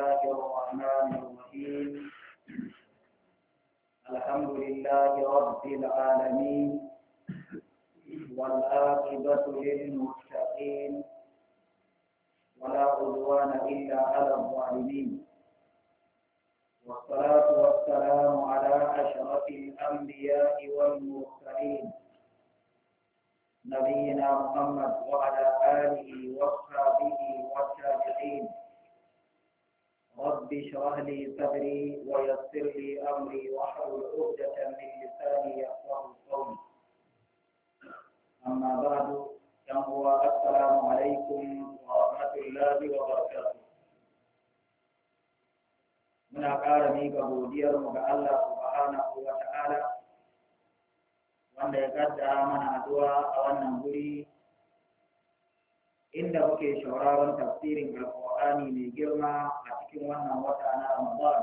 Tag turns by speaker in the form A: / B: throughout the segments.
A: الله الرحمن الرحيم الحمد لله رب العالمين والآكبة للمتقين ولا عدوان إلا على الظالمين
B: والصلاة والسلام على أشرف
A: الأنبياء والمرسلين
B: نبينا محمد
A: وعلى آله وصحبه والتابعين رب اشرح لي صدري ويسر لي امري واحلل عقدة من لساني يفقه قولي. أما بعد كم السلام عليكم ورحمة الله وبركاته. من أقال ميكا بوديا ومكا الله سبحانه وتعالى وأن يكاد آمن أدوى أو أن نقولي إن دوكي شعراء تفسير القرآن من جرمى cikin wannan wata na Ramadan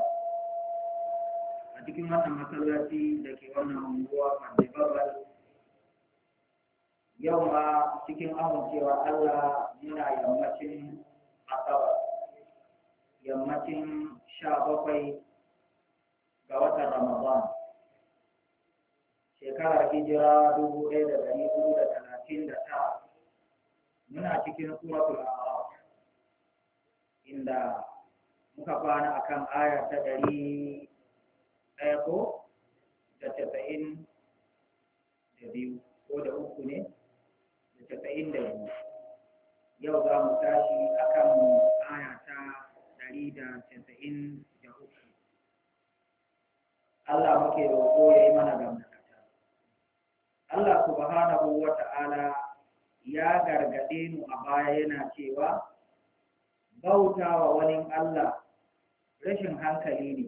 A: a cikin wannan masallaci da ke wannan unguwa Mandibabal yau ma cikin amincewa Allah muna yammacin Asabar yammacin sha bakwai ga watan Ramadan shekarar hijira dubu ɗaya da ɗari hudu da talatin da ta muna cikin suratul a'raf inda muka bani akan aya ta ɗari ɗaya ko da casa'in da biyu ko da uku ne da casa'in da biyu yau za mu tashi akan aya ta ɗari da casa'in da uku Allah muke roƙo ya yi mana gamnakata Allah subhanahu wa ta'ala ya gargaɗe mu a baya yana cewa bautawa wani Allah rashin hankali ne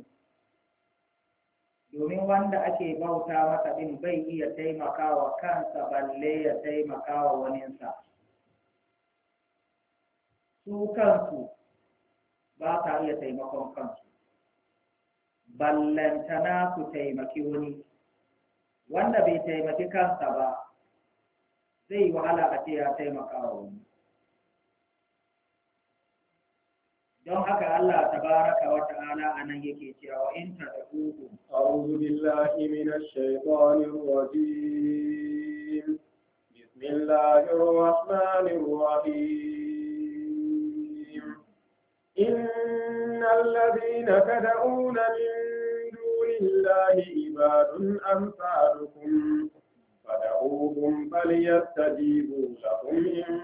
A: domin wanda ake bauta masa din bai iya taimakawa kansa balle ya taimakawa waninsa su kansu ba sa iya taimakon kansu ballantana su taimaki wani wanda bai taimaki kansa ba zai wahala a ce ya taimakawa wani don haka Allah tabaraka wa ta'ala anan yake
B: cewa in ta tad'uhu a'udhu billahi minash shaitanir rajim bismillahir rahmanir rahim innal ladhina tad'una min dunillahi ibadun amsalukum فدعوهم فليستجيبوا لكم إن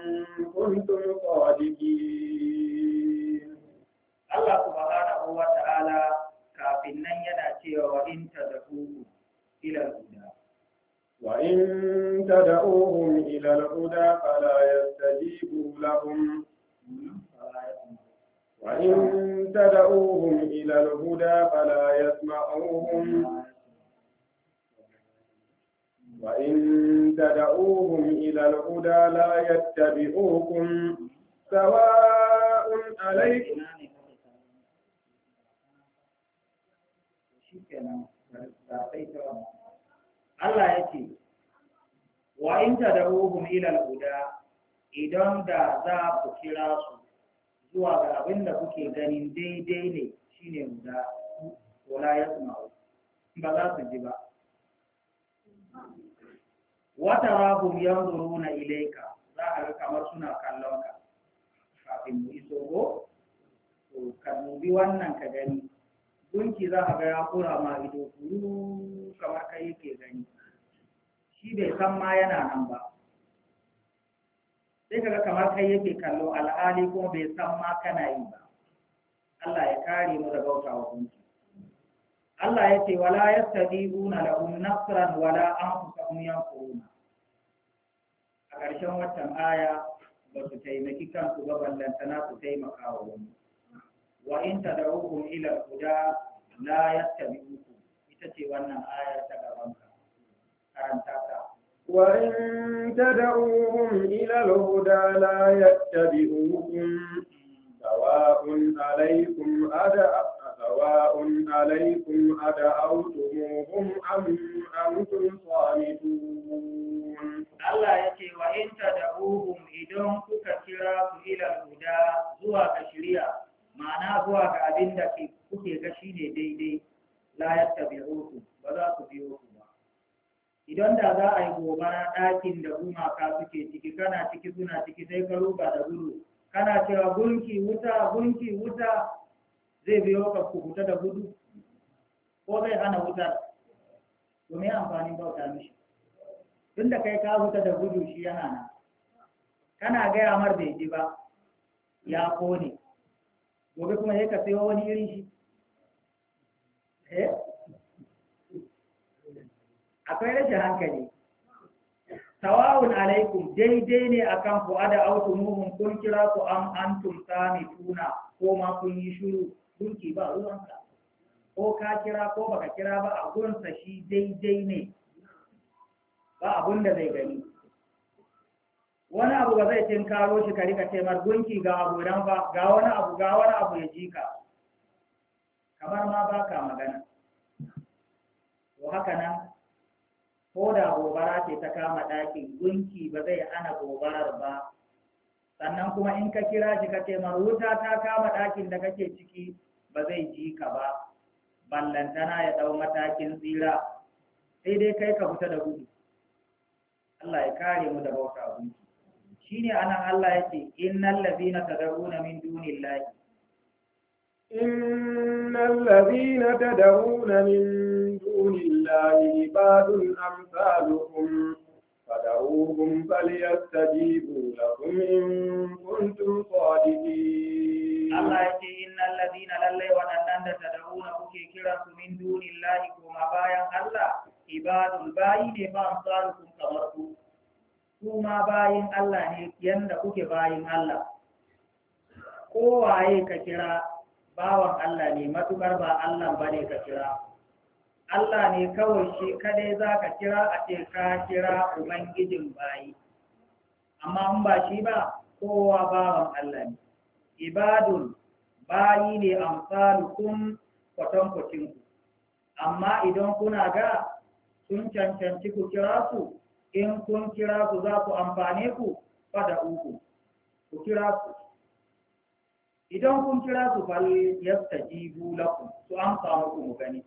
B: كنتم صادقين Allah subhanahu wa ta'ala kafin nan yana cewa wa in tad'uhu ila al-huda wa in tad'uhum ila al-huda fala yastajibu lahum wa in tad'uhum ila al-huda fala yasma'uhum وإن تدعوهم إلى ya لا يتبعوكم sawa’un alaikun.
A: da Allah ya ce wa in da ila ilal guda, idan da za ku kira su zuwa ga abin da kuke ganin daidai ne shine guda. wala ba za su ji ba wata rahum yanzuruna Ilaika za a ga kamar suna kallon ka kafin mu iso ko ka dubi wannan ka gani gunki za a ga ya kura ma ido kuru kamar kai yake gani shi bai san ma yana nan ba sai kaga kamar kai yake kallo al'ali kuma bai san ma kana yi ba Allah ya kare mu da bauta wa gunki Allah ya ce wala da kuma nasran wala an anfusahum kuruna a ƙarshen watan aya ba su taimaki kansu ba ballantana su taimaka wa wani wa in tad'uhum ila al-huda la yattabi'ukum ita ce wannan ayar ta gaban ka karanta ta
B: wa in tad'uhum ila al-huda سواء عليكم أدعوتموهم أم أنتم صامتون الله يتي وإن تدعوهم إذن كتكرا إلى
A: الهدى زوا كشريا ma'ana zuwa ga abin da kuke ga shi ne daidai layar tabi'uku ba za ku biyo ku ba idan da za a yi gobara ɗakin da gumaka suke ciki kana ciki suna ciki sai ka ruba da gudu kana cewa gunki wuta gunki wuta zai biyo ka ku huta da gudu ko zai hana wutar to me amfanin bauta mishi da kai ka wuta da gudu shi yana nan kana gaya mar bai ji ba ya kone gobe kuma ya ka sayo wani irin shi eh akwai rashin hankali tawawun alaikum daidai ne a kan ku ada autumuhum kun kira ku an tun sami tuna ko ma kun yi shuru dunki ba ruwanka ko ka kira ko baka kira ba a gurinsa shi daidai ne ba abun da zai gani wani abu ba zai tinkaro shi ka rika taimar gunki ga abu ba ga wani abu ga wani abu ya ji ka kamar ma ba ka magana to haka nan ko da gobara ce ta kama ɗakin gunki ba zai ana gobarar ba sannan kuma in ka kira shi ka taimar wuta ta kama ɗakin da kake ciki ba zai ji ka ba ballantana ya ɗau matakin tsira sai dai kai ka fita da gudu Allah ya kare mu da bauta gunki shine anan Allah yake innal ladina tad'una min duni llahi
B: innal ladina tad'una min duni llahi ibadun amsaluhum fad'uhum falyastajibu lakum in kuntum sadiqin Allah
A: yake innal ladina lallai waɗannan da tad'una kuke kira su min duni llahi ko bayan Allah ibadun bayi ne ba amsaluhum kamar ku kuma bayin Allah ne yanda kuke bayin Allah kowaye ka kira bawan Allah ne matukar ba Allah ba ne ka kira Allah ne kawai shi kadai za ka kira a ce ka kira Ubangijin bayi amma in ba shi ba kowa bawan Allah ne ibadun bayi ne amsalukum kwatankwacinku amma idan kuna ga sun cancanci ku kira su in kun kira su za ku amfane ku fada uku ku kira su idan kun kira su fal yastajibu lakum su amsa muku mu gani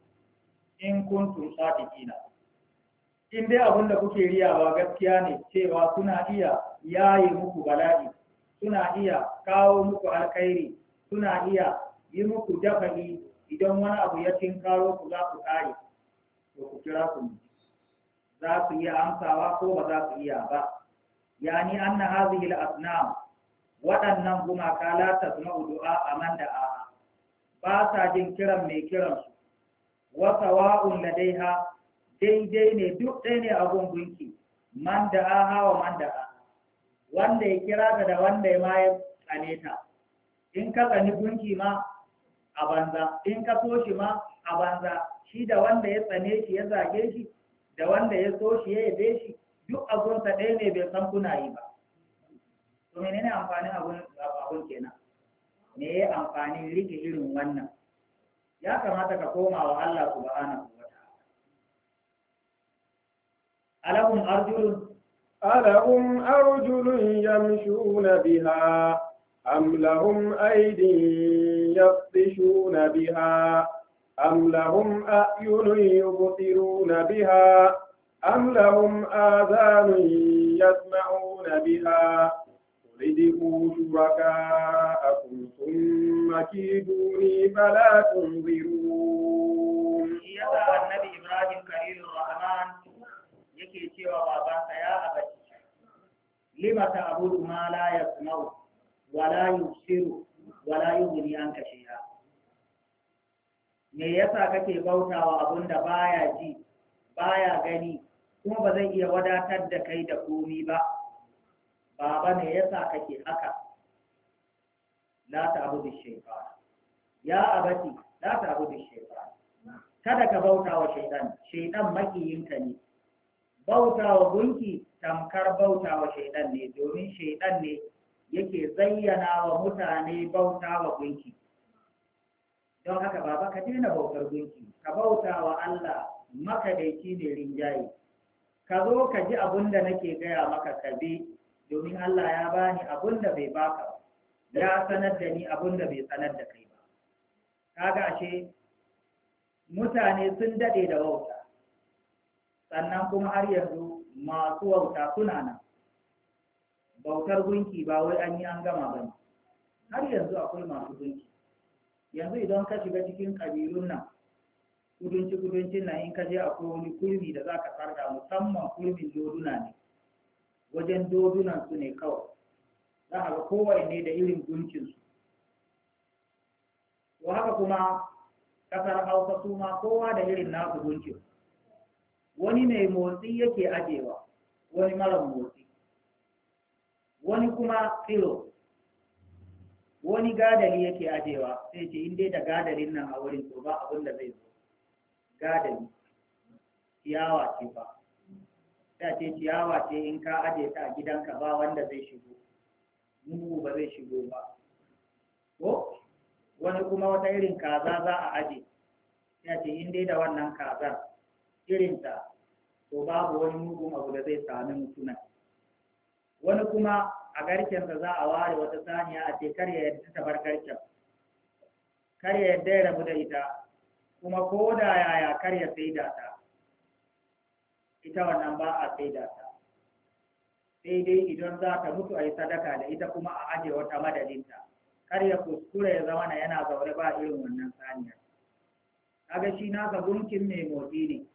A: in kun kuntum sadiqina in dai abin da kuke riyawa gaskiya ne cewa suna iya yaye muku bala'i suna iya kawo muku alkhairi suna iya yi muku jafali idan wani abu ya tinkaro ku za ku kare to ku kira ku za su iya amsawa ko ba za su iya ba yani anna hadhihi al-asnam waɗannan gumaka la a man da a ba sa jin kiran mai kiran su na dai ha. daidai ne duk ɗaya ne a gungunki man da a wa man da a wanda ya kira ta da wanda ya ma ya tsane ta in ka tsani gunki ma a banza in ka so shi ma a banza shi da wanda ya tsane shi ya zage shi da wanda ya so shi ya yabe shi duk abunsa ɗaya ne bai san kuna yi ba to menene amfanin abun abun kenan me ya amfanin rike irin wannan ya kamata ka koma
B: wa Allah subhanahu wa ta'ala alahum arjulun alahum arjulun yamshuna biha am lahum aydin yabtishuna biha أم لهم أعين يبصرون بها أم لهم آذان يسمعون بها قل ادعوا شركاءكم ثم كيدوني فلا تنظرون يسأل النبي إبراهيم كريم الرحمن يكي cewa
A: babansa يا abaci lima ta abudu ma la yasma'u wala yusiru wala yughni anka shay'a me yasa kake bautawa abun da baya ji baya gani kuma ba zai iya wadatar da kai da komi ba baba me yasa kake haka la ta'budu shaytan ya abati la ta'budu shaytan kada ka bautawa shaytan shaytan makiyinka ne bautawa gunki tamkar bautawa shaidan ne domin shaidan ne yake zayyana wa mutane bautawa gunki don haka baba ka daina bautar gunki ka bauta wa Allah makadaici ne rinjaye ka zo ka ji abin da nake gaya maka ka bi domin Allah ya bani abin da bai baka ya sanar da ni abin da bai sanar da kai ba kaga ashe mutane sun dade da wauta sannan kuma har yanzu masu wauta suna nan bautar gunki ba wai an yi an gama ba har yanzu akwai masu gunki yanzu idan ka shiga cikin ƙabilun nan kudunci kuduncin na in ka je akwai wani kurmi da za ka sarga musamman kurmin doduna ne wajen dodunan su ne kawai za a ga kowanne da irin gunkinsu to haka kuma kasar hausa su ma kowa da irin nasu gunkin wani mai motsi yake ajewa wani mara motsi wani kuma filo. wani gadali yake ajewa sai ce in dai da gadalin nan a wurin to ba abin da zai zo gadali ciyawa ce ba ta ce ciyawa ce in ka aje ta a gidanka ba wanda zai shigo mugu ba zai shigo ba ko wani kuma wata irin kaza za a aje ya ce in dai da wannan kazar irinta to babu wani mugun abu da zai sami mutuna wani kuma a garkensa za a ware wata saniya a ce kar ya yadda ta bar garken kar ya yadda ya rabu da ita kuma ko da yaya kar ya saida ta ita wannan ba a saida ta sai dai idan za ta mutu a yi sadaka da ita kuma a aje wata madadinta kar ya kuskure ya zama na yana zaure ba irin wannan saniya. kaga shi nasa gunkin mai motsi ne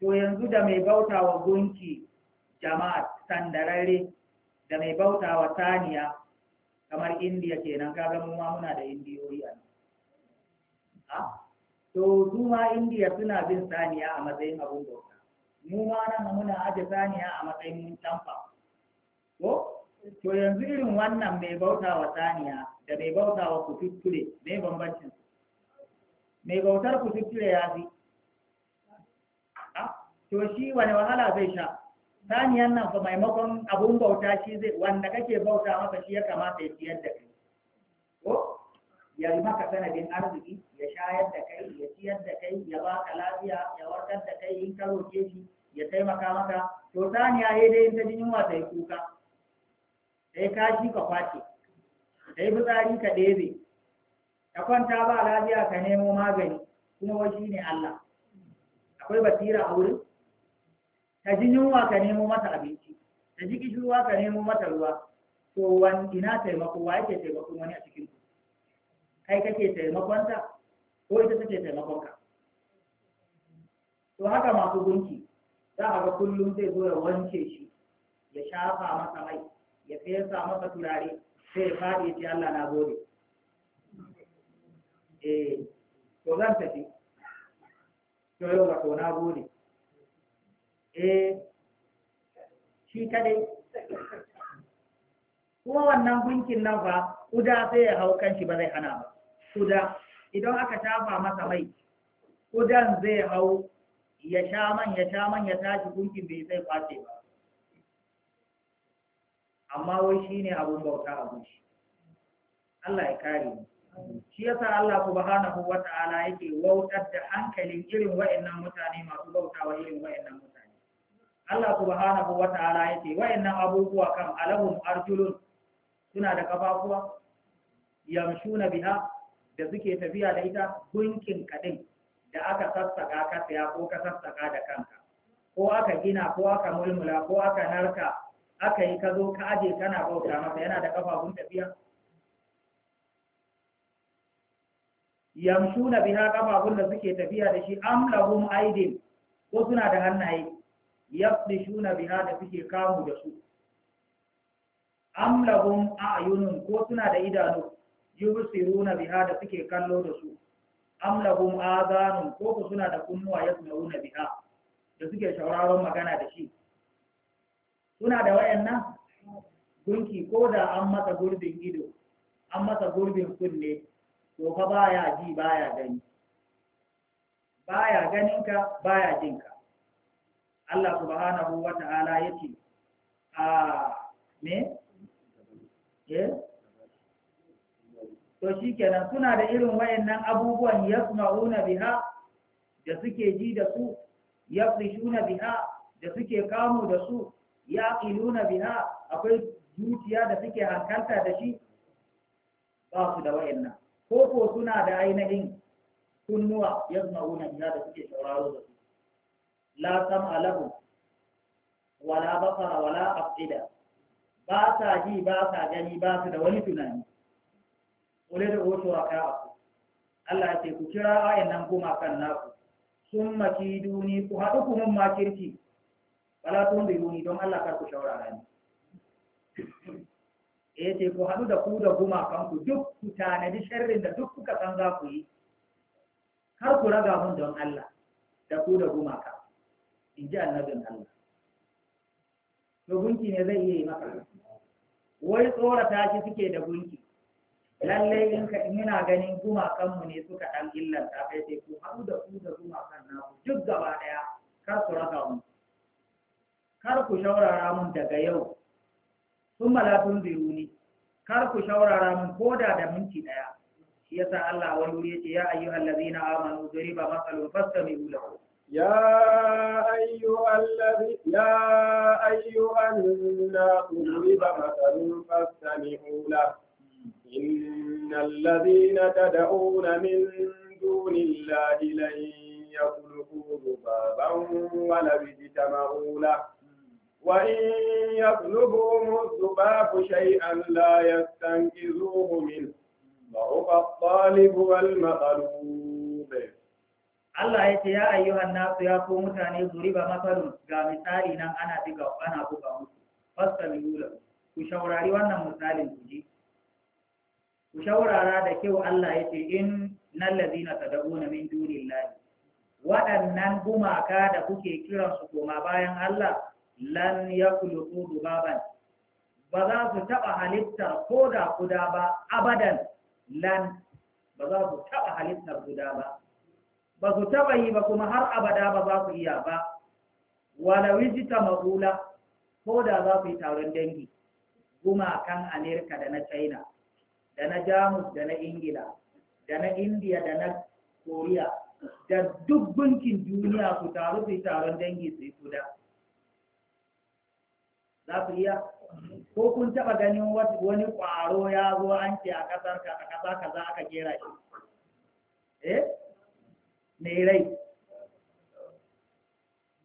A: to yanzu da mai bauta wa gunki jama'a sandararre da mai bauta wa saniya kamar indiya kenan kaga mu ma muna da indiyoyi a nan ah, to su ma indiya suna bin saniya a matsayin abun bauta mu ma nan muna aje saniya a matsayin mun tamfa ko to yanzu irin wannan mai bauta wa saniya da mai bauta wa kututture me bambancin mai bautar kututture ya fi ah, to shi wani wahala zai sha saniyan
B: nan fa maimakon
A: abun bauta shi zai wanda kake bauta masa shi ya kamata ya ciyar da kai ko ya yi maka sanadin arziki ya shayar da kai ya ciyar da kai ya baka lafiya ya warkar da kai in ka roke shi ya taimaka maka to saniya ya dai ta jin yunwa ta kuka sai kashi ka kwace sai fitsari ka ɗebe ka kwanta ba lafiya ka nemo magani kuma wai shi ne Allah akwai basira a wurin ka ji yunwa ka nemo mata abinci ka ji kishirwa ka nemo mata ruwa to wani ina taimako wa yake taimakon wani a cikin ku kai kake taimakon ta ko ita take taimakon ka to haka masu gunki za a ga kullum zai zo ya wanke shi ya shafa masa mai ya fesa masa turare sai ya faɗi ya ce Allah na gode eh to zan tafi to yau ga to na gode eh shi kadai kuma wannan gunkin nan fa kuda sai ya hau kanshi ba zai hana ba kuda idan aka shafa masa mai kudan zai hau ya sha man ya sha man ya tashi gunkin bai sai kwace ba amma wai shine abun bauta a shi Allah ya kare mu shi yasa Allah subhanahu wata'ala yake wautar da hankalin irin wa'annan mutane masu bautawa irin wa'annan mutane Allah subhanahu wa ta'ala ya ce wayannan abubuwa kan alahum arjulun suna da kafafuwa na biha da suke tafiya da ita gunkin kadin da aka sassaka ka saya ko ka sassaka da kanka ko aka gina ko aka mulmula ko aka narka aka yi ka zo ka aje kana bauta masa yana da kafafun tafiya na biha kafafun da suke tafiya da shi am lahum aidin ko suna da hannaye shuna biha da suke kamu da su am a'yunun ko suna da idanu yubsiruna biha da suke kallo da su am azanun ko ko suna da kunnuwa wuna biha da suke shauraron magana da shi suna da wayannan gunki ko da an masa gurbin ido an masa gurbin kunne to fa baya ji baya gani baya ganinka baya jinka Allah subhanahu wa ta'ala ya ce a me? Eh? to shi kenan suna da irin wayannan abubuwan ya suna biha da suke ji da su ya shuna biha da suke kamu da su ya ƙiluna biha akwai zuciya da suke hankalta da shi ba su da wayannan ko ko suna da ainihin kunnuwa ya suna biha da suke sauraro da su la sam'a lahum wala basara wala afida ba sa ji ba sa gani ba su da wani tunani wale da wato raka ku Allah ya ce ku kira ayan kuma kan naku sun duni ku haɗu ku mun makirki wala tun da yuni don Allah kar ku shaurara ni eh ce ku haɗu da ku da guma ku duk ku tanadi sharrin da duk kuka san za ku yi kar ku raga mun don Allah da ku da guma in ji annabin Allah to gunki ne zai iya yi maka wai tsorata shi suke da gunki lallai in ka ina ganin gumakanmu ne suka ɗan illanta kai sai ku haɗu da ku da gumakan naku duk gaba ɗaya kar ku raka mu kar ku shaurara mun daga yau sun malafin biruni kar ku shaurara mun koda da minti ɗaya shi yasa Allah wani wuri ya ce ya ayyuhallazina amanu duriba masalun
B: fastami'u lahu يا أيها الذي يا أيها الناس ضرب مثل فاستمعوا له إن الذين تدعون من دون الله لن يخلقوا ذبابا ولو اجتمعوا له وإن يطلبهم الذباب شيئا لا يستنقذوه منه ضعف الطالب والمطلوب
A: Allah ya ce ya ayyuhan nasu ya ko mutane zuri ba masalun ga misali nan ana diga ana buga musu fastalu lahu ku shaurari wannan misalin ku ji ku shaurara da kyau Allah ya ce in nan ladina tad'una min dunillahi waɗannan gumaka da kuke kiran koma bayan Allah lan yakhluqu dubaban ba za su taɓa halittar ko da guda ba abadan lan ba za su taɓa halittar guda ba ba su taba yi ba kuma har abada ba za su iya ba walawi ta magula ko da za su yi taron dangi gumakan amerika da na china da na jamus da na ingila da na India, da na koriya da duk gunkin duniya su taru su yi taron dangi su yi kuda za su iya ko kun taba ganin wani kwaro ya zo an ce a kasar kaza kaza aka kera shi eh mai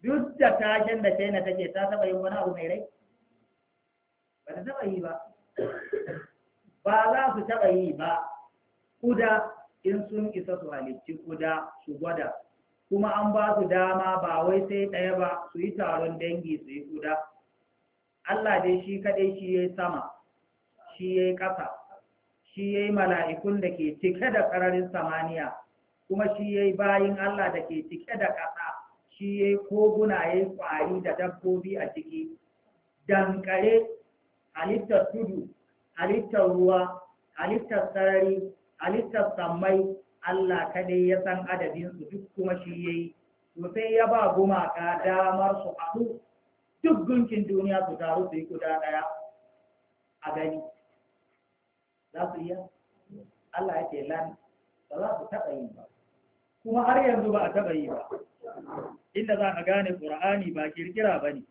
A: duk da tashin da china take ta taba yin wani abu mai rai ba ta taba yi ba ba za su taba yi ba kuda in sun isa su halicci kuda su gwada kuma an ba su dama ba wai sai ɗaya ba su yi taron dangi su yi kuda Allah dai shi kaɗai shi ya yi sama shi ya yi ƙasa shi ya mala'ikun da ke cike da ƙararin samaniya kuma shi ya yi bayin Allah da ke cike da ƙasa shi ya yi koguna ya yi da dabbobi a ciki dankare halittar tudu halittar ruwa halittar sarari halittar sammai Allah kadai ya san adadinsu duk kuma shi ya yi to sai ya ba gumaka damar su haɗu duk gunkin duniya su taru su yi guda ɗaya a gani za su iya Allah ya ce lan ba za su taɓa yin ba kuma har yanzu ba a taɓa yi ba inda za ka gane ƙura'ani ba kirkira ba ne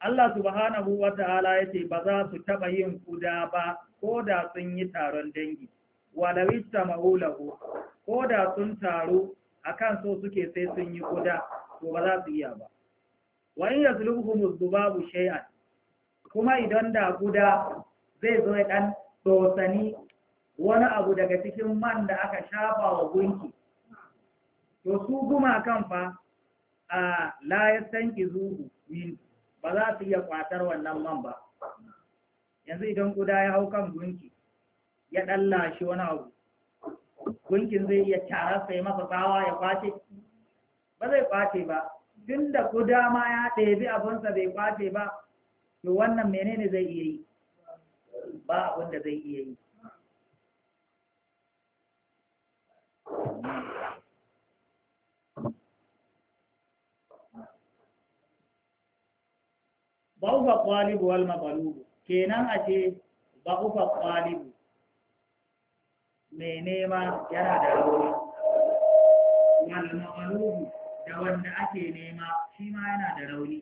A: Allah subhanahu wa ta'ala ya ce ba za su taɓa yin kuda ba ko da sun yi taron dangi walawista ma'ulahu ko da sun taru akan so suke sai sun yi kuda ko ba za su iya ba wa in yazluhum dhubabu shay'an kuma idan da kuda zai zo ya dan tosani wani abu daga cikin man da aka shafa wa gunki to su gumakan fa a la yastanki zuhu min ba za su iya kwatar wannan man ba yanzu idan guda ya hau kan gunki ya ɗan shi wani abu gunkin zai iya cara sai masa tsawa ya kwace ba zai kwace ba tun da guda ma ya ɗebi abinsa bai kwace ba to wannan menene zai iya yi ba abin da zai iya yi ba'ufa qalibu wal maqlubu kenan a ce ba'ufa qalibu mai nema yana da rauni wal maqlubu da wanda ake nema shi ma yana da rauni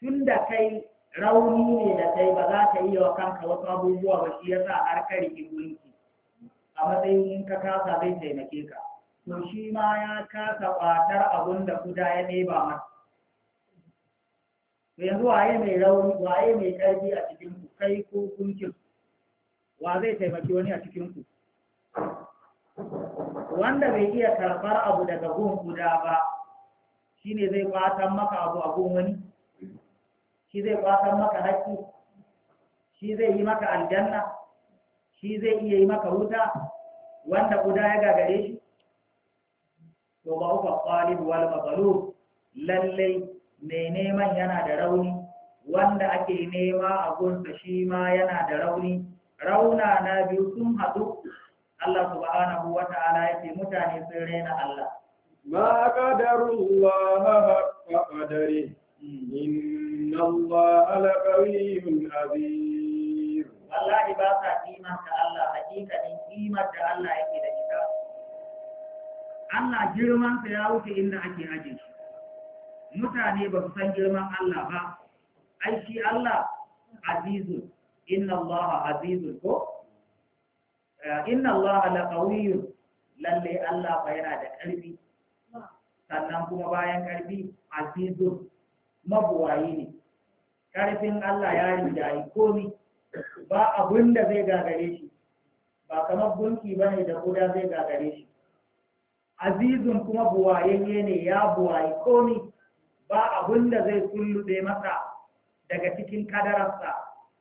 A: tunda kai rauni ne da kai ba za ka iya wa kanka wasu abubuwa ba shi yasa har ka riki gunki a matsayin in ka kasa zai taimake ka to shi ma ya kasa kwatar abun da kuda ya ɗeba masa yanzu waye mai rauni waye mai ƙarfi a cikin ku kai ko gunkin wa zai taimaki wani a cikin ku wanda bai iya karɓar abu daga gun guda ba shine zai kwatan maka abu a gun wani shi zai kwatan maka haƙƙi shi zai yi maka aljanna shi zai iya yi maka wuta wanda guda ya gagare shi to ba uka qalib wal mabalu lallai mai neman yana da rauni wanda ake nema a gunsa shi ma yana da rauni rauna na biyu sun haɗu Allah subhanahu wa ta'ala yake mutane sun raina Allah ma
B: qadarullah haqqa qadari inna Allah ala qawiyyun azim
A: wallahi ba sa iman da Allah hakikanin iman da Allah yake da ita Allah girman sa ya wuce inda ake aje shi mutane ba su san girman Allah ba ai shi Allah azizun inna Allah azizun ko eh, inna Allah la lalle Allah ba yana da ƙarfi sannan kuma bayan ƙarfi azizun mabuwayi ne ƙarfin Allah ya rinjayi komi ba abun da zai gagare shi ba kamar gunki ba da guda zai gagare shi azizun kuma buwayayye ne ya buwayi komi ba abun da zai kulluɗe masa daga cikin kadararsa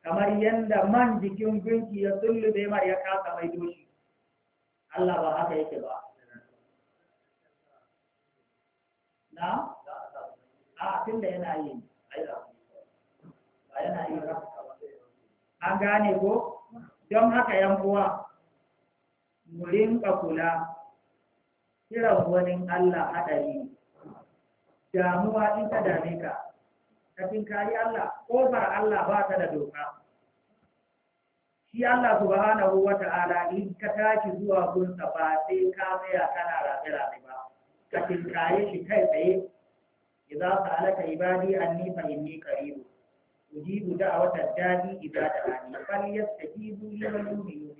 A: kamar yadda man jikin gunki ya sulluɗe mar ya kasa mai doshi Allah ba haka yake ba na a tun da yana yi ba yana yi an gane ko don haka yan uwa mu rinka kula kiran wani Allah haɗari damuwa in ta dame ka ka tinkari Allah kofar Allah ba ta da doka shi Allah subhanahu wa ta'ala in ka tashi zuwa gunsa ba sai ka tsaya kana rabe rabe ba ka tinkare shi kai tsaye ka alaka ibadi anni fa inni a ujibu da'wata dadi idza da'ani fal yastajibu li man yu'minu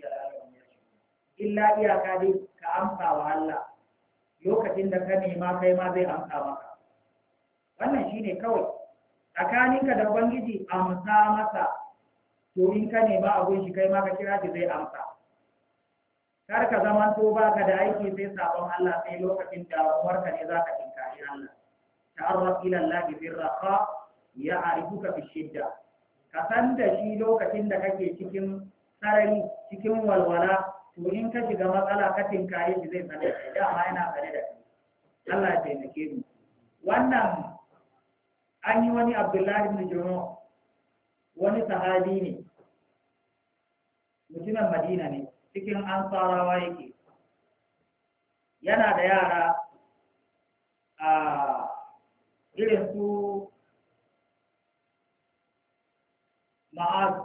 A: illa iyaka dai ka amsa wa Allah lokacin da ka nema kai ma zai amsa maka wannan shi ne kawai tsakaninka da ubangiji amsa masa to in ka ba abun shi kai ma ka kira shi zai amsa kar ka zaman to ka da aiki sai sabon Allah sai lokacin da ruwar ka ne zaka tinkari Allah ta'arraf ila Allah bi raqa ya'rifuka bi shidda ka san da shi lokacin da kake cikin sarari cikin walwala to in ka shiga matsala ka tinkari shi zai sane da ma yana sane da kai Allah ya taimake mu wannan an yi wani abdullahi ibn juno wani sahabi ne mutumin madina ne cikin ansarawa yake yana da yara a irin su ma'az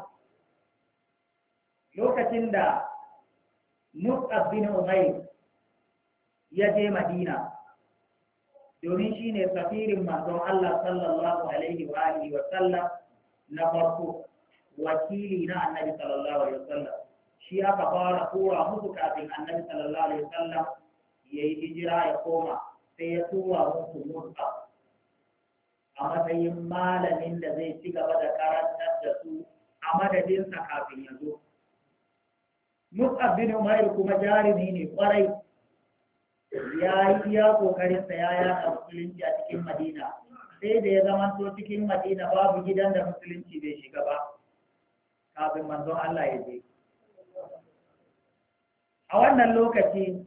A: lokacin da mus'ab bin umair ya je madina domin shi ne safirin manzon Allah sallallahu alaihi wa alihi wa sallam na farko wakili na annabi sallallahu alaihi wa sallam shi aka fara kura musu kafin annabi sallallahu alaihi wa sallam ya yi hijira ya koma sai ya tura musu mutsa a matsayin malamin da zai ci gaba da karantar da su a madadinsa kafin ya zo. Mus'ab bin Umair kuma jarumi ne kwarai ya yi iya kokarin sa ya yaɗa musulunci a cikin madina sai da ya zama to cikin madina babu gidan da musulunci bai shiga ba kafin manzon Allah ya je a wannan lokaci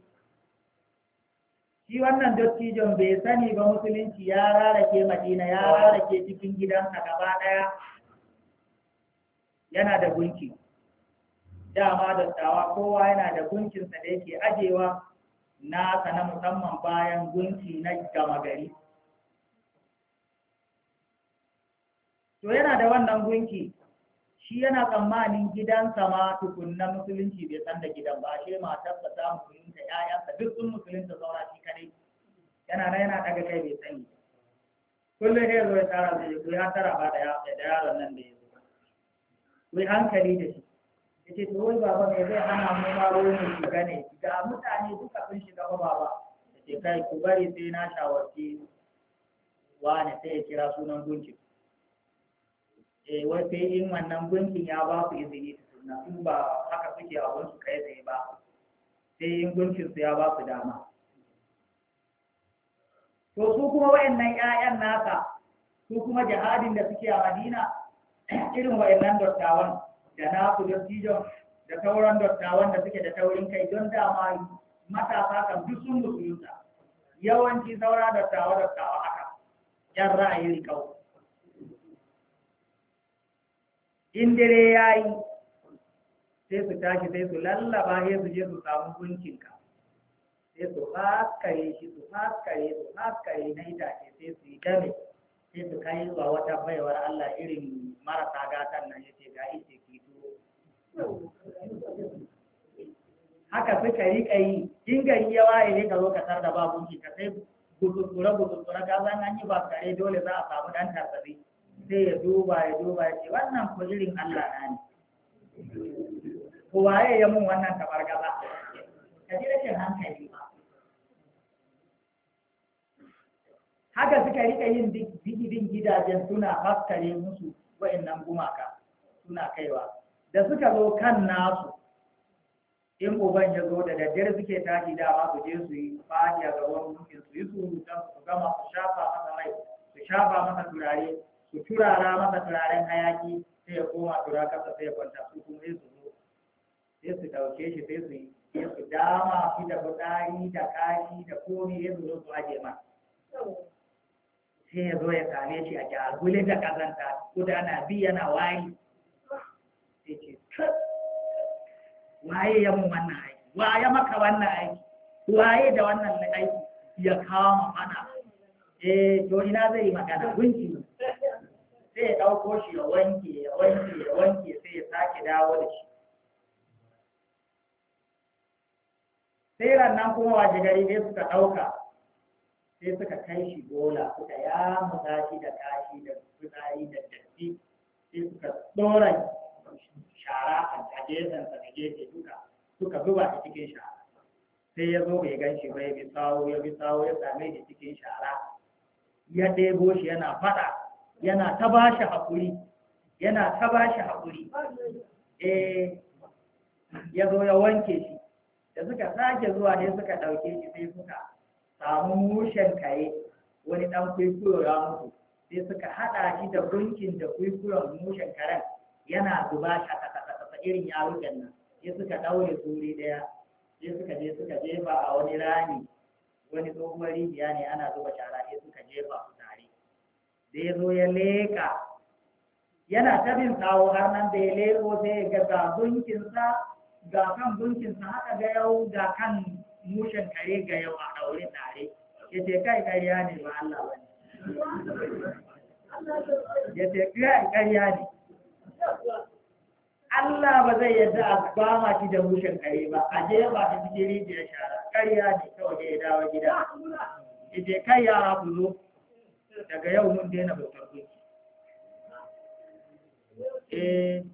A: shi wannan dottijon bai sani ba musulunci ya rarake madina ya rarake cikin gidansa gaba ɗaya yana da gunki dama dattawa kowa yana da gunkinsa da yake ajewa nasa na musamman bayan gunki na gama gari to yana da wannan gunki shi yana tsammanin gidansa ma na musulunci bai san da gidan ba shi matarsa ta musulunta 'ya'yansa duk sun musulunta saura shi kadai yana na yana daga kai bai sani kullum ya zo ya tara zai ko ya tara ba da yaron nan da ya zo Wai hankali da shi ya ce to wai baba me zai hana mu maro mu shiga ne da mutane duka sun shiga gaba ba da ce kai ku bari sai na shawarci wani sai ya kira sunan gunkin e wai sai in wannan gunkin ya ba su izini su suna in ba haka suke a wansu kai tsaye ba sai in gunkin su ya ba su dama to su kuma wayannan ƴaƴan nasa su kuma jihadin da suke a Madina irin wayannan dattawan da na su dattijon da sauran dattawan da suke da taurin kai don dama matasa kan duk sun musulunta yawanci saura dattawa dattawa haka yan ra'ayin kawo in dare ya yi sai su tashi sai su lallaba sai su je su samu gunkinka sai su haskare shi su haskare su haskare na itace sai su yi dame sai su kai wa wata baiwar Allah irin marasa gatan nan ya ce ga ita ke ki haka suka riƙa yi in gari ya waye ne ka zo ka tar da babu ki ka sai gutsutsura gutsutsura ka san an yi ba kare dole za a samu dan tarzabi sai ya duba ya duba ya ce wannan ko irin Allah na ne ko waye ya mun wannan kamar gaba ka ji rashin hankali ba haka suka rika yin digidin gidajen suna faskare musu wa'annan gumaka suna kaiwa da suka zo kan nasu in uban ya zo da daddare suke tashi dama su je su yi fadi a gaban mulkin su yi surutan su gama su shafa masa mai su shafa masa turare su turara masa turaren hayaki sai ya koma tura kasa sai ya kwanta su kuma sai su zo sai su ɗauke shi sai su yi sai su dama shi da fitsari da kashi da komi ya zo su aje ma sai ya zo ya same shi a jagule da kazanta ko da ana bi yana wari waye ya mu wannan aiki waye maka wannan aiki waye da wannan aiki ya kama mana eh to ina zai yi magana gunki
B: sai
A: ya dauko shi ya wanke ya wanke ya wanke sai ya sake dawo da shi sai nan kuma waje gari sai suka dauka sai suka kai shi bola suka yamuta shi da kashi da fitsari da datti sai suka tsora shara a gefen sa da gefe duka suka zuba a cikin shara sai ya zo bai gan shi bai bi sawo ya bi sawo ya same shi cikin shara ya ɗebo shi yana faɗa yana ta ba shi haƙuri yana ta ba shi haƙuri eh ya zo ya wanke shi da suka sake zuwa ne suka ɗauke shi sai suka samu mushen kare wani ɗan kwaikwayo ya mutu sai suka haɗa shi da gunkin da kwaikwayon mushen karen yana zuba shi a ƙasa irin yarukan nan sai suka ɗaure su wuri ɗaya sai suka je suka jefa a wani rami wani tsohuwar rijiya ne ana zuba shara sai suka jefa su tare da ya zo ya leƙa yana ta bin tsawo har nan da ya leƙo sai ya ga ga gunkinsa ga kan gunkinsa haka ga yau ga kan mushen kare ga yau a ɗaure tare ya ce kai ƙarya ne ba Allah ba ne ya ce kai ƙarya ne Allah ba zai yadda a ba ki da mushin kare ba a je ba ta cikin rijiyar shara ƙarya ne kawai ya dawo gida ita kai ya ku zo daga yau mun daina bautar gunki E,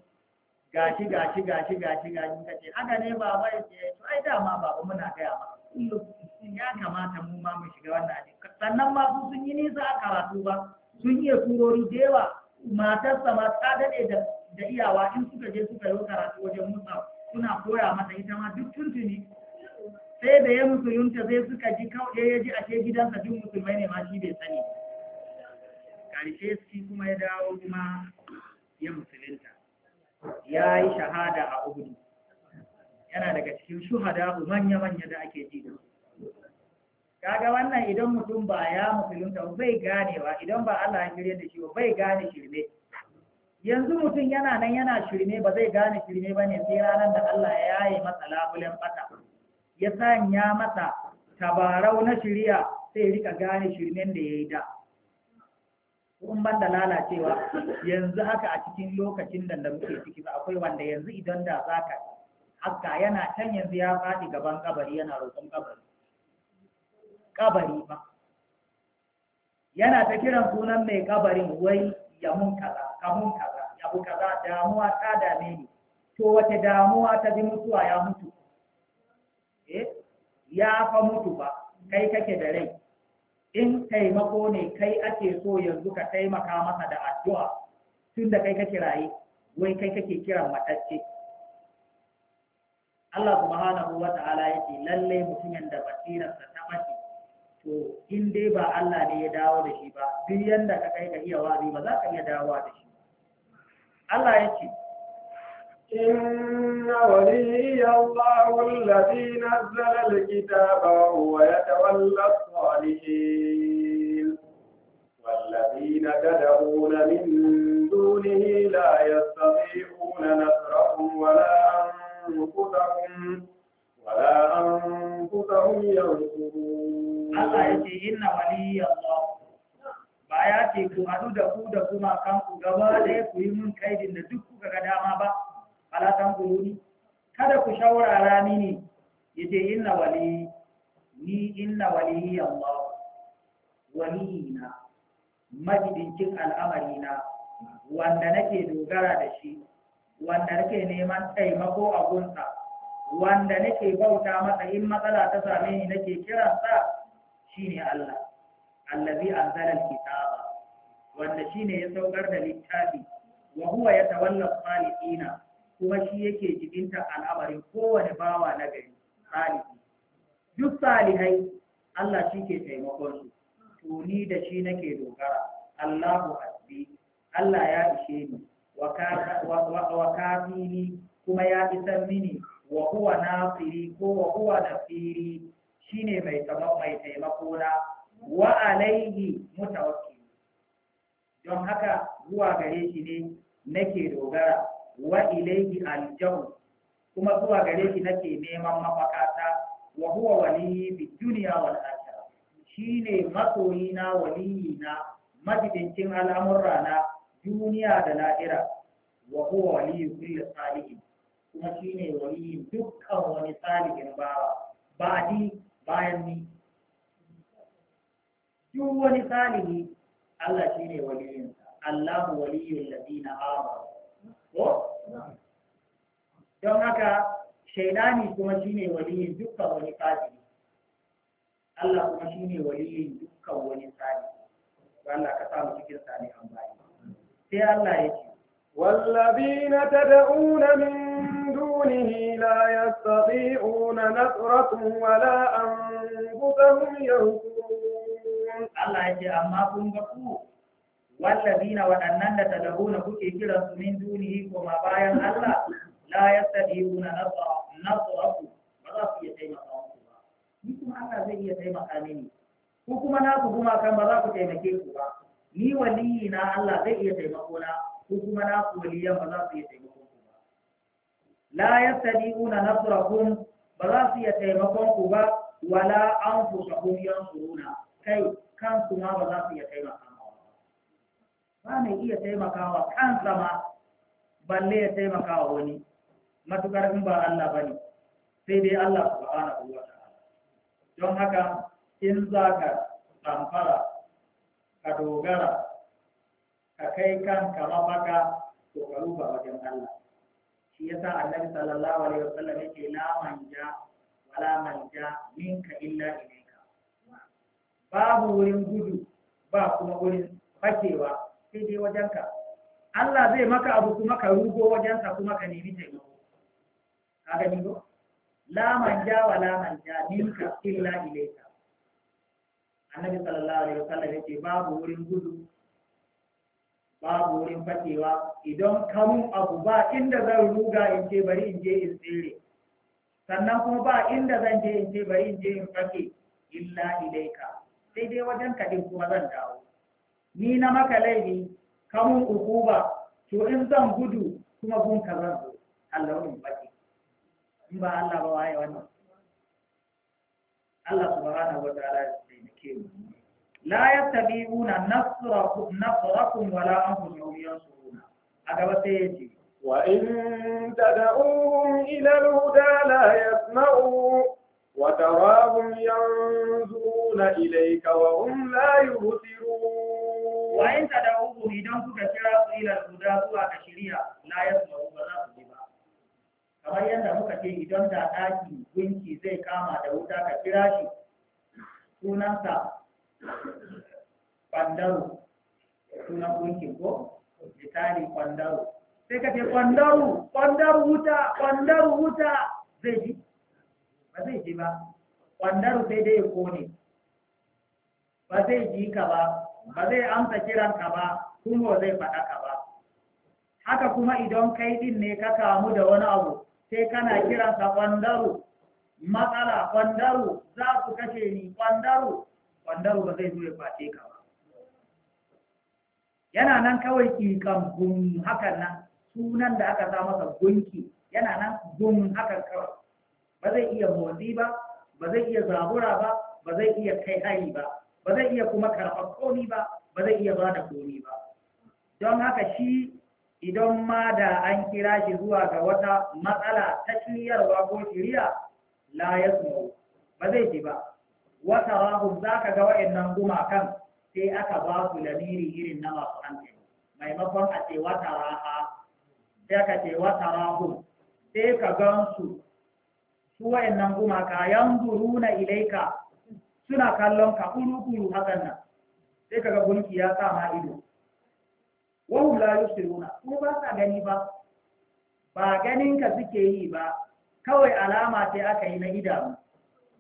A: gashi gashi gashi gashi gashi ce. haka ne baba ke to ai dama baba muna gaya ba kullum ya kamata mu ma mu shiga wannan aji sannan ma su sun yi nisa a karatu ba sun iya turori da yawa matarsa ma ta daɗe da da iyawa in suka je suka yi karatu wajen musa suna koya mata ita ma duk tuntuni sai da ya musulunta sai suka ji kawai ya ji ashe gidansa duk musulmai ne ma shi bai sani karshe shi kuma ya dawo kuma ya musulunta ya yi shahada a uhudu yana daga cikin shuhada manya-manya da ake ji kaga wannan idan mutum ba ya musulunta bai ganewa idan ba Allah ya kire da shi ba bai gane shirme yanzu mutum yana nan yana shirme ba zai gane shirme ba ne sai ranar da Allah ya yaye masa labulen bata ya sanya masa tabarau na shirya sai rika gane shirmen da ya yi da kun ban da lalacewa yanzu haka a cikin lokacin da muke ciki ba akwai wanda yanzu idan da za ka haka yana can yanzu ya faɗi gaban kabari yana roƙon kabari kabari ba yana ta kiran sunan mai kabarin wai ya mun kaza ka mun kaza abu kaza damuwa ta dame ni to wace damuwa ta bi mutuwa ya mutu eh ya fa mutu ba kai kake da rai in taimako ne kai ake so yanzu ka taimaka masa da addu'a tun da kai kake raye wai kai kake kiran matacce Allah subhanahu wa ta'ala yake lalle mutumin da basirarsa ta mace to in dai ba Allah ne ya dawo da shi ba duk yanda ka kai ka iya wazi ba za ka iya dawo da shi
B: Allah ya ce, Inna wani yi ya ba wula fi na zarar gida ba wa ta wala tsoron yi, wala na gada wula min duni la ya sami wula na tsoron wala an Allah ya ce
A: yin na wani yi ba ya ce ku haɗu da ku da kuma kanku gaba ɗaya ku yi mun kaidin da duk kuka ga dama ba alatan kuruni kada ku shawara mini ya ce inna wali ni inna wali Allah waliyina majidincin al'amarina wanda nake dogara da shi wanda nake neman taimako a gunsa wanda nake bauta masa in matsala ta same ni nake kiransa shine Allah allazi anzala alkitaba wanda shine ya saukar da littafi wa huwa yatawalla salihina kuma shi yake jibinta al'amarin kowane bawa na gari salihi duk salihai Allah shi ke taimakon su to ni da shi nake dogara Allahu hasbi Allah ya ishe ni wa ni kuma ya isar mini wa huwa nasiri ko wa huwa nasiri shine mai taimako na wa alaihi mutawakkilu don haka zuwa gare shi ne nake dogara wa ilaihi aljau kuma zuwa gare shi nake neman mafakata wa huwa waliyyi fi dunya wal akhirah shine masoyina na majidincin al'amurra na duniya da lahira wa huwa waliyyu kulli salihin kuma shine waliyyin dukkan wani salihin bawa ni, bayan ni duk wani salihi Allah shi ne waliyinsa Allahu waliyul ladina
B: amanu
A: ko don haka shaidani kuma shi ne waliyin dukkan wani salihi Allah kuma shi ne waliyin dukkan wani salihi Allah ka samu cikin an bayi
B: sai Allah ya ce والذين تدعون من دونه لا يستطيعون نصرة ولا أنفسهم ينصرون
A: Allah ya ce amma kun ga ku wallazina waɗannan da tadahuna kuke kira su min dunihi kuma bayan Allah la yastadiyuna nasraku ba za su iya taimaka muku ba ni kuma Allah zai iya taimaka mini ku kuma na ku kuma kan ba za ku taimake ku ba ni waliyi na Allah zai iya taimako na ku kuma na ku waliyan ba za su iya taimako ku ba la yastadiyuna nasrakum ba za su iya taimakon ku ba wala an anfusahum yansuruna kai kansu ma ba za su iya taimaka ba mai iya taimakawa kansa ma balle ya taimakawa wani matukar in ba Allah ba ne sai dai Allah ba'ana wa wata don haka in za ka samfara ka dogara ka kai kanka mafaka to ka ruba wajen Allah shi ya yasa annabi sallallahu alaihi wasallam yake la manja wala manja minka illa ilayka babu wurin gudu ba kuma wurin fakewa sai dai wajenka Allah zai maka abu kuma ka rugo wajensa kuma ka nemi taimako ka gani ko la ja wa la ja minka illa ilayka annabi sallallahu alaihi wasallam yace babu wurin gudu babu wurin fakewa idan kamun abu ba inda zan ruga in ce bari in je in tsere sannan kuma ba inda zan je in ce bari in je in fake illa ilayka daidai wajen ka kuma zan dawo ni na maka laifi kamun ukuba to in zan gudu kuma gun ka zan zo Allah wani baki in ba Allah ba waye wani Allah subhanahu wa ta'ala ya taimake mu la yattabi'una nasrakum nasrakum wala anhum suruna. a gaba sai
B: ya ce. wa in tad'uhum ila al-huda la yasma'u وتراهم ينظرون إليك وهم لا يبصرون وإن تدعوه إذا كثيرا إلى الهدى سوى
A: كشريع لا يسمع ولا تجيب kamar yadda muka ce idan da ɗaki gunki zai kama da wuta ka kira shi sunansa kwandaro sunan gunkin ko misali kwandaro sai ka ce kwandaro wuta kwandaro wuta zai ba zai ji ba Kwandaru sai dai ya kone ba zai ji ka ba ba zai amsa kiran ka ba kuma zai faɗa ka ba haka kuma idan kai din ne ka kamu da wani abu sai kana kiransa Kwandaru, matsala Kwandaru, za ku kashe ni Kwandaru, Kwandaru ba zai zo ya face ka ba yana nan kawai kan gun hakan nan sunan da aka sa masa gunki yana nan gun hakan kawai ba zai iya motsi ba ba zai iya zabura ba ba zai iya kai hari ba ba zai iya kuma karɓar komi ba ba zai iya ba da komi ba don haka shi idan ma da an kira shi zuwa ga wata matsala ta shiryarwa ko shirya la ya ba zai ji ba wata rahu za ka ga wa'annan gumakan sai aka ba su lamiri irin na masu hankali maimakon a ce wata raha sai ka ce wata rahu sai ka su wayannan gumaka na ilaika suna kallon ka kuru-kuru hakan nan sai kaga gunki ya sa ma ido wahum la ko ba sa gani ba ba ganin ka suke yi ba kawai alama ce aka yi na idanu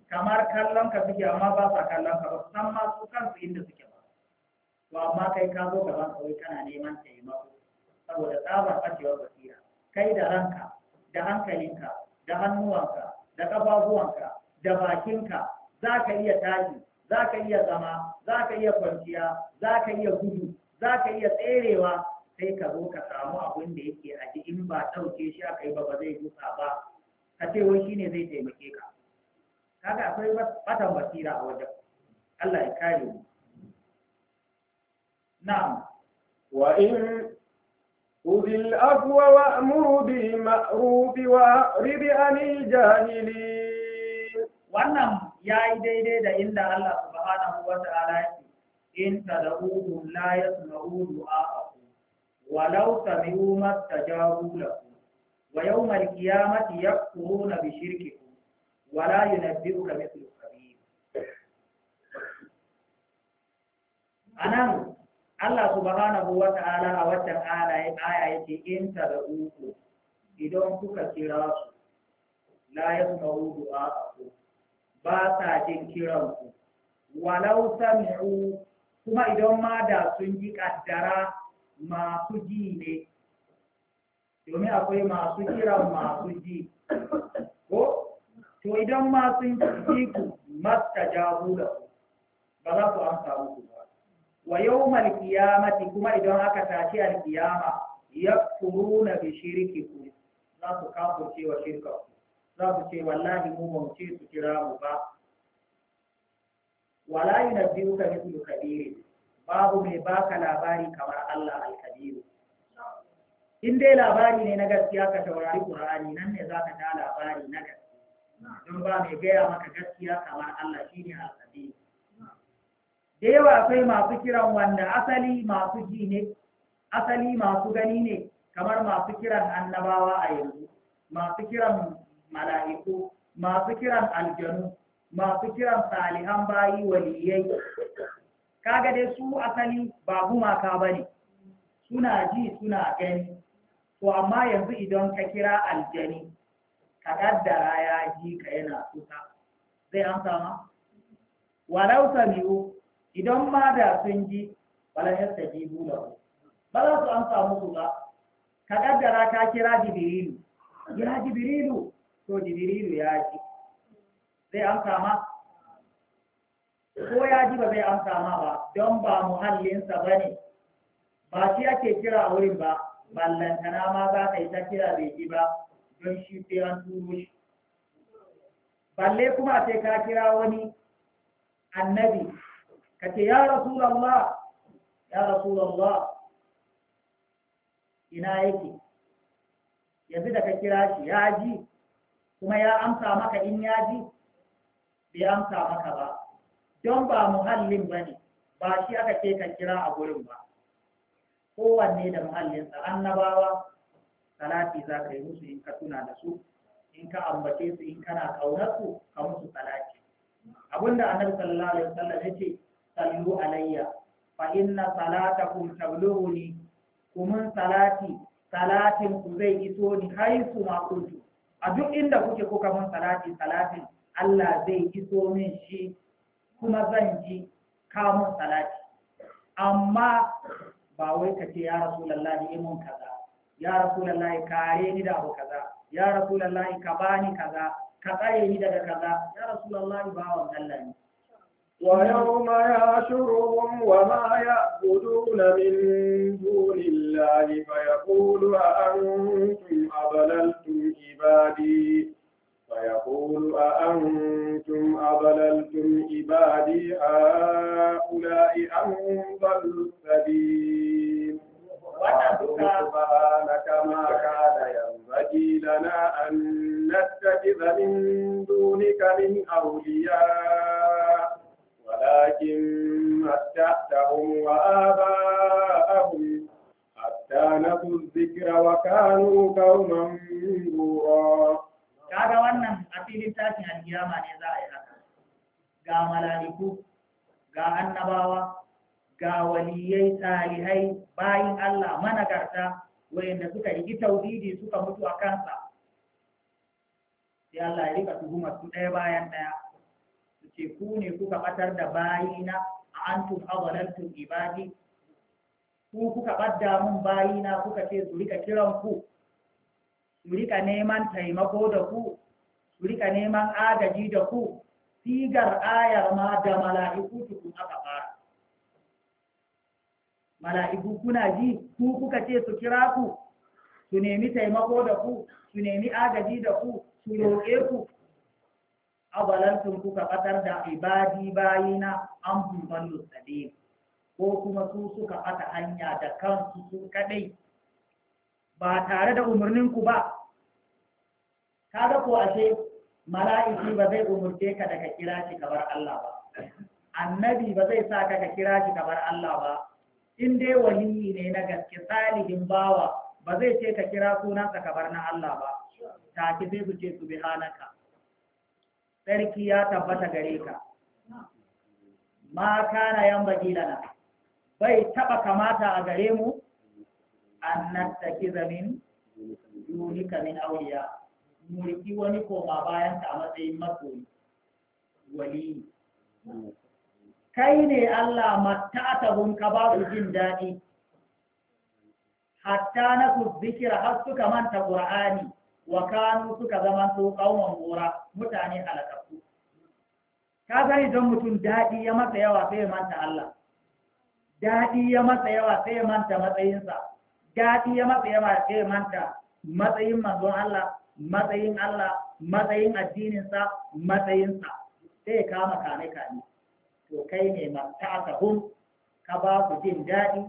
A: kamar kallon ka suke amma ba sa kallon ka ba san ma su kansu inda suke ba to amma kai ka zo gaban kawai kana neman taimako saboda tsabar ɓacewar basira kai da ranka da hankalinka da hannuwanka da ƙafafuwanka da bakinka za ka iya tashi za ka iya zama za ka iya kwanciya za ka iya gudu za ka iya tserewa sai ka zo ka samu abin da yake a ji in ba ɗauke shi aka yi ba ba zai duka ba ka ce wai shine zai taimake ka kaga akwai batan basira a wajen Allah ya kare mu
B: na'am wa in خذ الأفو وأمر بالمعروف وأعرض عن الجاهلين wannan yayi daidai da inda Allah subhanahu wa
A: ta'ala yake in tad'uhum la yasma'u du'a'akum walau sami'u mastajabu lakum wa yawmal qiyamati yakfuruna bi shirkikum wa la yunabbi'uka mithlu khabir anan Allah subhanahu wa ta'ala a watan aya yake in ta da uku idan kuka kira su la yasma'u du'a'akum ba sa jin kiran ku walau sami'u kuma idan ma da sun ji kaddara masu ji ne domin akwai masu kiran masu ji ko to idan ma sun ji ku masta jahu da ku ba za ku amsa muku ba wa yawmal qiyamati kuma idan aka tashi alkiyama yakfuruna bi shirkikum za su kafurce wa shirkaku za ku ce wallahi mu ba mu ce su kira mu ba wala yunabbiuka mithlu kabiri babu mai baka labari kamar Allah al-kabiru in dai labari ne na gaskiya ka taurari Qur'ani nan ne za ka ta labari na gaskiya don ba mai gaya maka gaskiya kamar Allah shi ne alƙadi da yawa akwai masu kiran wanda asali masu ji ne asali masu gani ne kamar masu kiran annabawa a yanzu masu kiran mala'iku masu kiran aljanu masu kiran salihan bayi waliyai kaga dai su asali ba gumaka ba ne suna ji suna gani to amma yanzu idan ka kira aljani ka kaddara ya ji ka yana kusa zai amsa ma walau sami'u idan ma da sun ji wala yastajibu lahu ba za su amsa musu ba ka kaddara ka kira jibrilu ya jibrilu to jibrilu ya ji zai amsa ma ko ya ji ba zai amsa ma ba don ba muhallinsa ba ne ba shi ake kira a wurin ba ballantana ma za ka yi ta kira bai ji ba don shi sai an turo shi balle kuma sai ka kira wani annabi kace ya rasulullah ya rasulullah ina yake yanzu da ka kira shi ya ji kuma ya amsa maka in ya ji bai amsa maka ba don ba muhallin ba ne ba shi aka ce ka kira a gurin ba kowanne da muhallinsa annabawa salati za ka yi musu in ka tuna da su in ka ambace su in kana kaunar su ka musu salati abinda annabi sallallahu alaihi wasallam ya ce sallu alayya fa inna salatakum tablughuni kumun salati salatin ku zai iso ni haisu ma kuntu a duk inda kuke kuka mun salati salatin Allah zai iso min shi kuma zan ji kamun salati amma ba wai ka ce ya ni mun kaza ya rasulallahi kare ni da kaza ya rasulallahi ka bani kaza ka tsare ni daga kaza ya rasulallahi ba wannan ne
B: ويوم يحشرهم وما يعبدون من دون الله فيقول أأنتم أضللتم عبادي فيقول أأنتم أضللتم عبادي هؤلاء أم ضلوا السبيل سبحانك ما كان ينبغي لنا أن نتخذ من دونك من أولياء ولكن متعتهم وآباءهم حتى نسوا الذكر وكانوا قوما بورا kaga wannan a filin
A: tashin ne za a yi haka ga malaiku ga annabawa ga waliyai salihai bayin Allah managarta wayanda suka yi tauhidi suka mutu a kansa sai Allah ya rika tuhumar su ɗaya bayan ɗaya ce ku ne kuka batar da bayina a antum awalantum ibadi ku kuka badda mun bayina kuka ce su rika kiran ku su rika neman taimako da ku su rika neman agaji da ku sigar ayar ma da mala'iku tukun aka fara mala'iku kuna ji ku kuka ce su kira ku su nemi taimako da ku su nemi agaji da ku su roƙe ku abalantun kuka fatar da ibadi bayina an bulmalu sabil ko kuma su suka fata hanya da kansu su kadai ba tare da umarninku ba ga ko ashe mala'iki ba zai umurce ka daga kira shi kabar Allah ba annabi ba zai sa ka ka kira shi kabar Allah ba in dai waliyi ne na gaske salihin bawa ba zai ce ka kira sunansa kabar na Allah ba ki sai su ce subhanaka Sarki ya tabbata gare ka ma kana yan bagilana bai taba kamata a gare mu an nattaki zamin yunika min auliya muriki wani koma bayan ta matsayin masoyi wali kai ne Allah matatahum ka ba ku jin daɗi hatta na su zikira har suka manta Qur'ani wa kanu suka zama su kauman gora mutane halakakku ka san idan mutum daɗi ya masa yawa sai ya manta Allah daɗi ya masa yawa sai ya manta matsayinsa daɗi ya masa yawa sai ya manta matsayin manzon Allah matsayin Allah matsayin addininsa matsayinsa sai ya kama kame kame to kai ne mata'atahum ka ba ku jin daɗi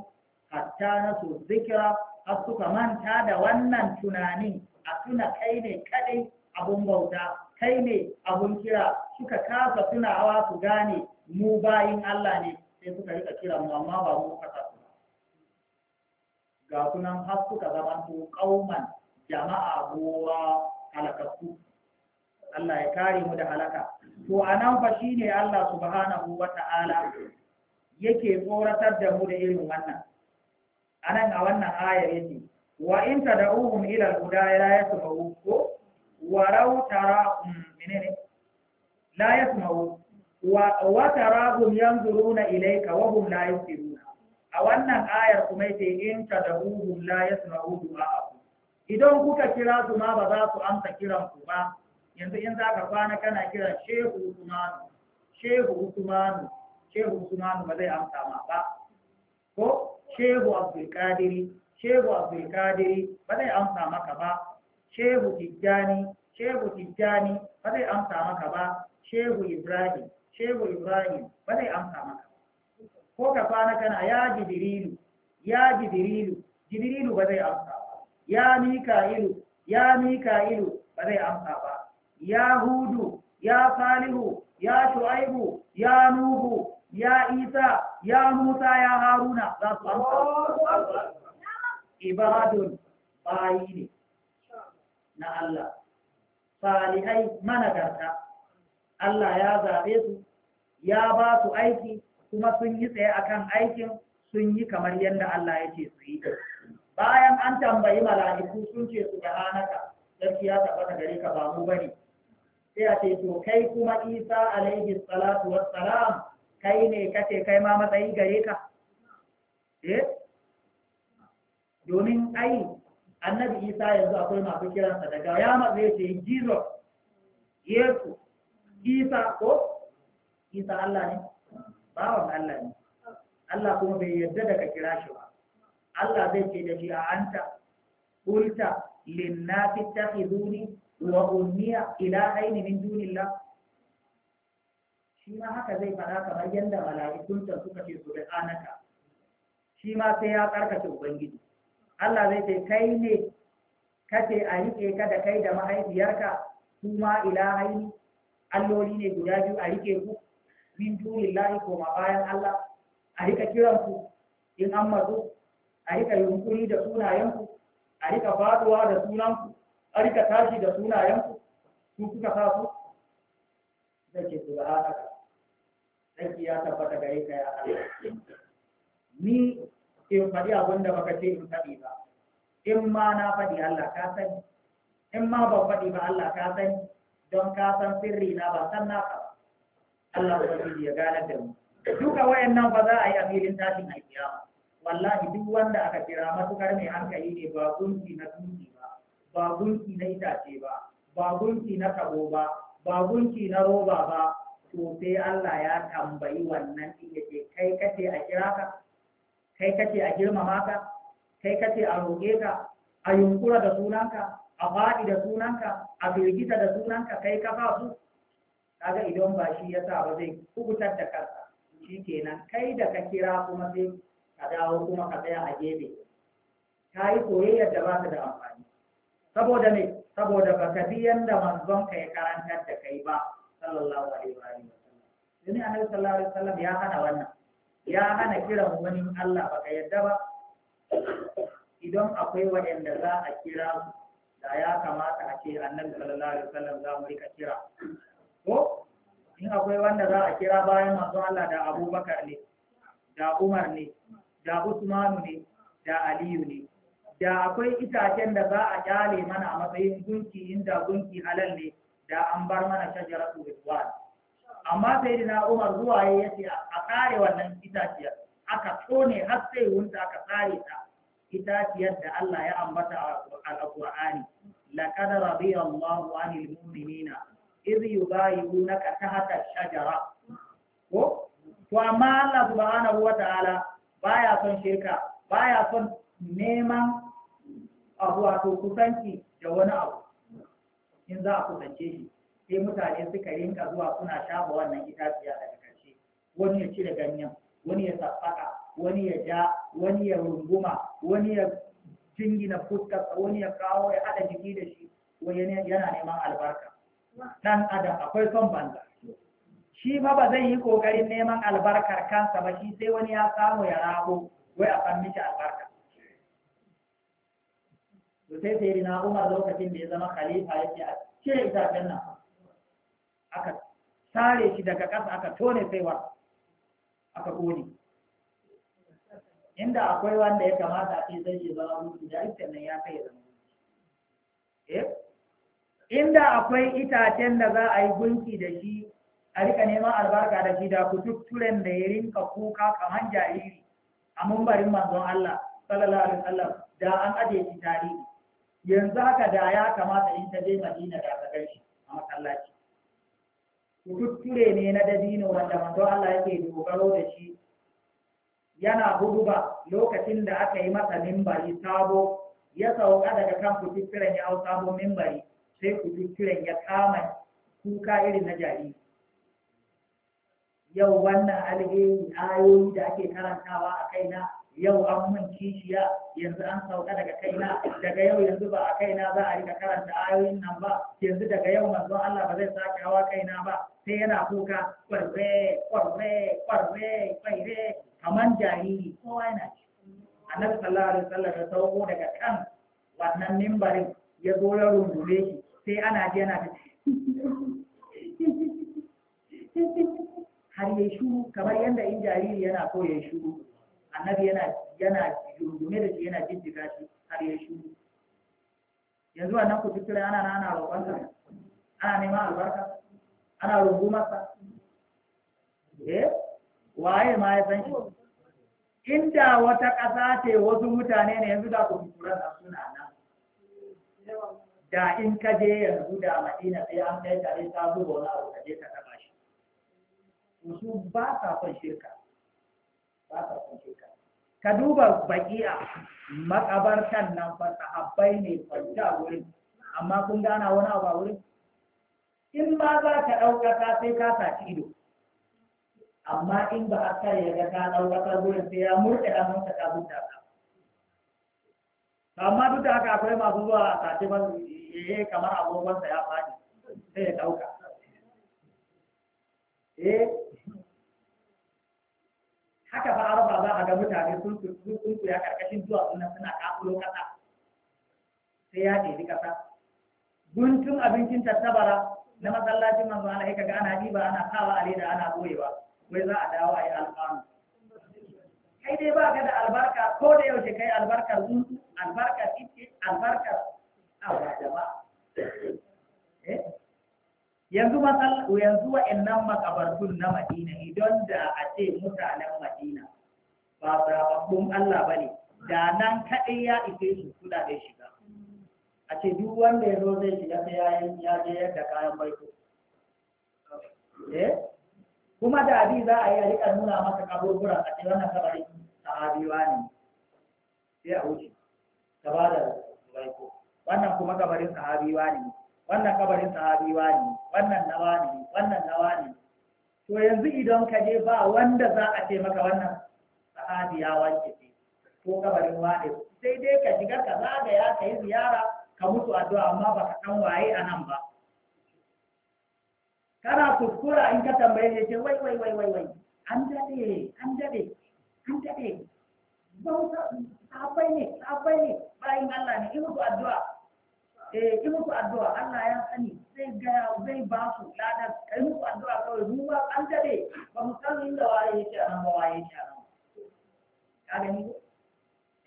A: hatta na su zikira har suka manta da wannan tunanin a tuna kai ne kadai abun bauta kai ne abun kira suka kasa tunawa su gane mu bayin Allah ne sai suka rika kira mu amma ba mu kasa su ga sunan har suka zama kauman jama'a gowa halakakku Allah ya kare mu da halaka to anan fa shine Allah subhanahu wata'ala yake tsoratar da mu da irin wannan anan a wannan ayar yake wa in tad'uhum ila al-huda la yasma'u ko wa raw tarahum menene la yasma'u wa wa tarahum yanzuruna ilayka wa hum la yusiruna a wannan ayar kuma yace in tad'uhum la yasma'u du'a'akum idan kuka kira su ma ba za su amsa kiran ku ba yanzu in za ka kwana kana kira shehu usmanu shehu shehu ba zai amsa ma ba ko shehu abdul shehu abdulkadiri ba zai amsa maka ba shehu tijjani shehu tijjani ba zai amsa maka ba shehu ibrahim shehu ibrahim ba zai amsa maka ko ka kwana kana ya jibrilu ya jibrilu jibrilu ba zai amsa ba ya mika'ilu ya mika'ilu ba zai amsa ba ya hudu ya salihu ya shu'aibu ya nuhu ya isa ya musa ya haruna za su amsa ibadun bayi ne na Allah salihai managarta Allah ya zaɓe su ya ba su aiki kuma sun yi tsaye akan aikin sun yi kamar yadda Allah ya ce su yi bayan an tambayi mala'iku sun ce su da hanaka gaskiya bata gare ka ba mu bane sai a ce to kai kuma Isa alaihi salatu wassalam kai ne kace kai ma matsayi gare ka eh domin ai annabi isa yanzu akwai masu kiransa daga ya matsa ce jesus yesu isa ko isa allah ne bawan allah ne allah kuma bai yarda daga kira shi ba allah zai ce da shi a anta ulta linnafi takhizuni wa ila ilahaini min shi ma haka zai fara kamar yadda mala'ikunta suka ce subhanaka shi ma sai ya karkace ubangiji Allah zai ce kai ne kace a rike ka da kai da mahaifiyarka kuma ilahaini alloli ne guda biyu a rike ku min dunillahi ko ma bayan Allah a rika kiran ku in an matsu a rika yunkuri da sunayen ku, a rika faduwa da sunanku a rika tashi da sunayen ku, su kuka sa su zai ce subhanaka sarki ya tabbata gare ka ya Allah ni in faɗi abin da baka ce in faɗi ba in ma na faɗi Allah ka sani in ma ban faɗi ba Allah ka sani don ka san sirri na ba san na ka Allah ubangiji ya gane da mu duka wayannan ba za a yi a filin tashin alkiyama wallahi duk wanda aka kira matukar mai hankali ne ba gunki na tuki ba ba gunki na itace ba ba gunki na tabo ba ba gunki na roba ba to sai Allah ya tambayi wannan din yake kai kace a kira ka kai kace a girmama ka kai kace a roge ka a yunkura da sunanka a faɗi da sunanka a firgita da sunanka kai ka ba su kaga idan ba shi ya sa ba zai kubutar da kansa shikenan kai da ka kira kuma sai ka dawo kuma ka tsaya a gefe ka yi soyayyar da ba ta da amfani saboda me saboda ba ka bi yanda manzon ka ya karantar da kai ba sallallahu alaihi wa sallam. Dini annabi sallallahu alaihi wa sallam ya hana wannan. ya hana kiran wani Allah baka yadda ba idan akwai waɗanda za a kira da ya kamata a ce nan sallallahu alaihi wasallam za mu rika kira ko in akwai wanda za a kira bayan manzon Allah da Abubakar ne da Umar ne da Usman ne da Aliyu ne da akwai itacen da za a kyale mana a matsayin gunki inda gunki halal ne da an bar mana shajaratu ridwan amma sai na umar zuwa ya yace a tsare wannan itaciyar aka tsone har sai wunta aka tsare ta itaciyar da Allah ya ambata a alqur'ani laqad radiyallahu anil mu'minina idh yubayi'unaka tahta shajara ko to amma Allah subhanahu wa ta'ala baya son shirka baya son neman abu wato kusanci da wani abu in za a kusance shi sai mutane suka rinka zuwa suna shafa wannan itaciya daga ƙarshe wani ya cire ganyen wani ya sassaka wani ya ja wani ya runguma wani ya jingina fuskar wani ya kawo ya haɗa jiki da shi wani yana neman albarka dan adam akwai son banza shi fa ba zai yi ƙoƙarin neman albarkar kansa ba shi sai wani ya samu ya rago wai a san miki albarka sai sai na Umar lokacin da ya zama khalifa ya yake a cire itacen nan aka sare shi daga ƙasa aka tone saiwa aka ƙone inda akwai wanda ya kamata ake zai yi zama rufi da ita nan ya kai zama rufi eh? inda akwai itacen da za a yi gunki da shi a rika neman albarka da shi da kututturen da ya rinka kuka kamar jariri a mumbarin manzon Allah sallallahu alaihi wasallam da an ajiye shi tarihi yanzu haka da ya kamata in ta je Madina da ta shi a masallaci tutture ne na dabino wanda manzo Allah yake dogaro da shi yana huduba lokacin da aka yi masa mimbari sabo ya sauka daga kan kututturen ya hau sabon mimbari sai kututturen ya kama kuka irin na jari yau wannan alheri ayoyi da ake karantawa a kaina yau an mun kishiya yanzu an sauka daga kaina daga yau yanzu ba a kaina za a rika karanta ayoyin nan ba yanzu daga yau manzon Allah ba zai sake hawa kaina ba sai yana kuka kwarre kwarre kwarre kwarre kamar jariri kowa yana ci annabi sallallahu alaihi wasallam da sauko daga kan wannan mimbarin ya zo ya rungume shi sai ana ji yana ta har ya shuru kamar yadda in jariri yana so ya shuru annabi yana yana rungume da shi yana jijjiga shi har ya shuru yanzu wannan kututtula ana nana roƙonsa ana neman albarka ana masa. eh waye ma ya san shi inda wata ƙasa ce wasu mutane ne yanzu da kumkuran da suna nan da in ka je yanzu da madina sai an kai tare ta zuwa wani abu ka je ka taɓa shi su ba sa son shirka ba sa son shirka ka duba baƙi'a makabartan nan fa sahabbai ne kwanci wurin amma kun gana wani abu a wurin in ma za ka ta, sai ka saci ido amma in ba a kai ya ga ɗauka. ɗaukaka gurin sai ya murɗe hannunka ta buɗa ka amma duk da haka akwai masu zuwa a sace ba yi eh, kamar agogonsa ya faɗi sai ya ɗauka eh haka fa arba za a ga mutane sun sun ya karkashin zuwa sunan suna kafulo kasa sai ya ɗebi kasa guntun abincin tattabara na masallacin manzo ana aika ga ana diba ana kawa a leda ana goyewa wai za a dawo a yi alfanu kai dai ba ka da albarka ko da yaushe kai albarkar tsuntsu albarkar ita albarkar awa jama'a eh? yanzu masal yanzu wa'annan makabartun na Madina idan da a ce mutanen Madina ba zababbun Allah bane da nan kaɗai ya ife su kula da shi a ce duk wanda ya zo zai shiga sai ya ya je yadda kayan baiko eh kuma da abi za a yi a rika nuna masa kaburburan a ce wannan kabarin sahabiwa ne sai a wuce gaba da baiko wannan kuma kabarin sahabiwa ne wannan kabarin sahabiwa ne wannan nawa ne wannan nawa ne to yanzu idan ka je ba wanda za a ce maka wannan sahabiya wanke ce ko kabarin wane sai dai ka shiga ka zagaya ka yi ziyara ka mutu addu'a amma ba ka san waye a nan ba kana kuskura in ka tambaye ne ce wai wai wai wai wai an dade an dade an dade bauta sabai ne sabai ne bayan Allah ne imutu addu'a eh imutu addu'a Allah ya sani zai ga zai ba su ladan kai mutu addu'a kawai mu ba an dade ba mu san inda waye yake nan ba waye yake nan ka gani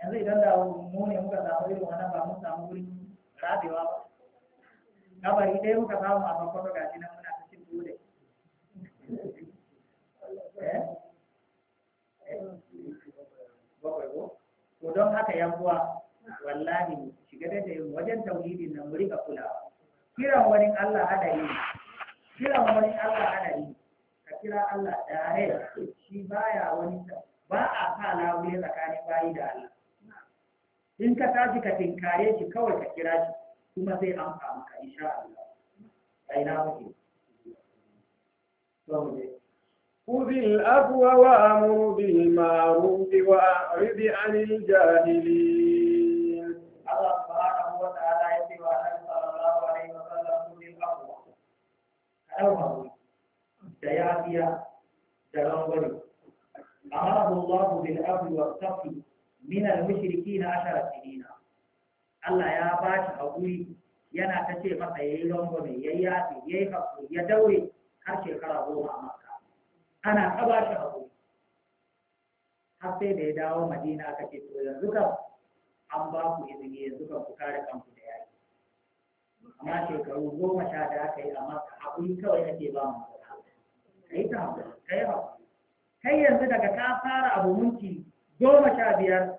A: yanzu idan da mu ne muka samu irin wannan ba mu samu wurin rabewa ba kabari dai muka samu a bakwai ga shi nan muna ta cin dole eh? ko don haka yankuwa wallahi shiga da yin wajen tauhidin nan muri ka kulawa kiran wani Allah hadari kiran wani Allah hadari ka kira Allah dare shi baya wani ba a sa labule tsakanin bayi da Allah in ka tashi ka tinkare shi kawai ka kira shi kuma zai amsa maka insha Allah ai na muke
B: خذ الأبو وأمر بالمعروف وأعرض عن الجاهلين الله سبحانه
A: وتعالى يتوى أن صلى الله عليه وسلم خذ الأبو أول ديابيا دلنبري أمره الله بالأبو والصفي min al-mushriki na ashara sinina Allah ya ba shi yana ta ce masa yi longo ne yayi yafi yi haƙuri ya daure har shekara goma a Makka ana ta ba shi haƙuri har sai da ya dawo Madina aka ce to yanzu kam an ba ku izini yanzu kan ku kare kanku da yaki amma shekaru goma sha da aka yi a Makka haƙuri kawai ake ba mu kai ta haƙuri kai haƙuri kai yanzu daga ka fara abu minti goma sha biyar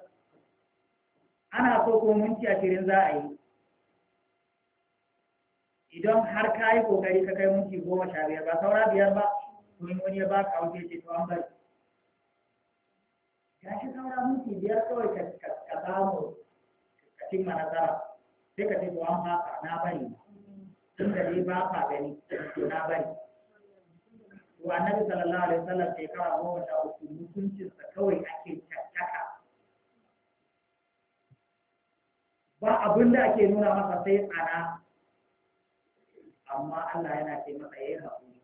A: ana so ko minti ashirin za a yi idan har ka yi kokari ka kai minti goma sha biyar ba saura biyar ba to in wani ya ba ka wuce ce to an bari ya shi saura minti biyar kawai ka samu ka cimma nasara sai ka ce to an haka na bari tun da dai ba ka gani to na bari wa annabi sallallahu alaihi wasallam shekara goma sha uku mutuncinsa kawai ake caccaka ba abin da ake nuna masa sai tsana amma Allah yana ce masa yayi haƙuri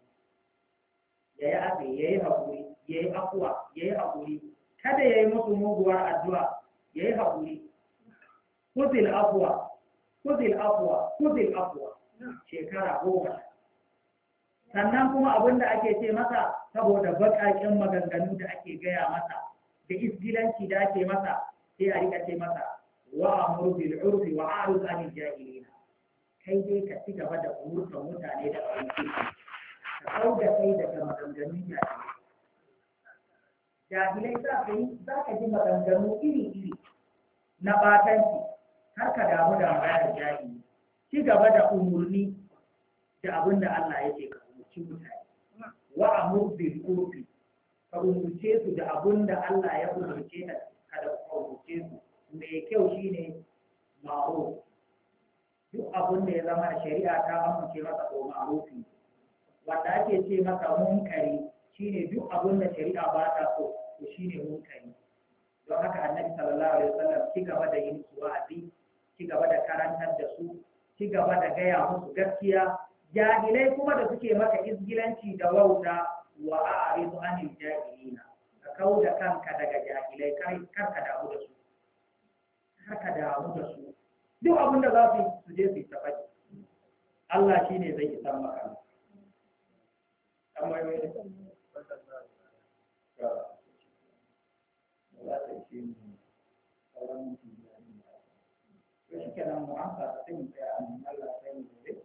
A: ya yi afi ya yi haƙuri ya yi afuwa ya yi haƙuri kada ya yi musu muguwar addu'a ya yi haƙuri kuzil afuwa kuzil afuwa kuzil afuwa shekara goma sha sannan kuma abin da ake ce masa saboda baƙaƙen maganganu da ake gaya masa da isgilanci da ake masa sai a rika ce masa wa amuru bil urfi wa aruz anil jahilina kai dai ka ci gaba da umurtar mutane da abin ka kau da kai daga maganganun jahilai jahilai za ka yi za ka ji maganganu iri iri na batanci har ka damu da maganar jahili ci gaba da umurni da abin da Allah ya ka cikin mutane wa amur bil kurbi, ka umurce su da abun da Allah ya umurce ka kada ka umurce su mai kyau shine ma'o. duk abun da ya zama shari'a ta amince masa ko ma'rufi wanda ake ce masa munkari shine duk abun da shari'a ba ta so to shine munkari don haka annabi sallallahu alaihi wasallam ci gaba da yin su'azi ci gaba da karantar da su ci gaba da gaya musu gaskiya jahilai kuma da suke maka izgilanci da wauta wa a'ridu anil jahilina ka kauda kanka daga jahilai kar ka damu da su kar ka damu da su duk abin da za su su je su yi tafaji Allah shi ne zai yi san maka ne da za ta ishe mu sauran mutum da ya yi. Yau shi kenan mu'amsa ta sai mu tsaya a Allah sai mu zai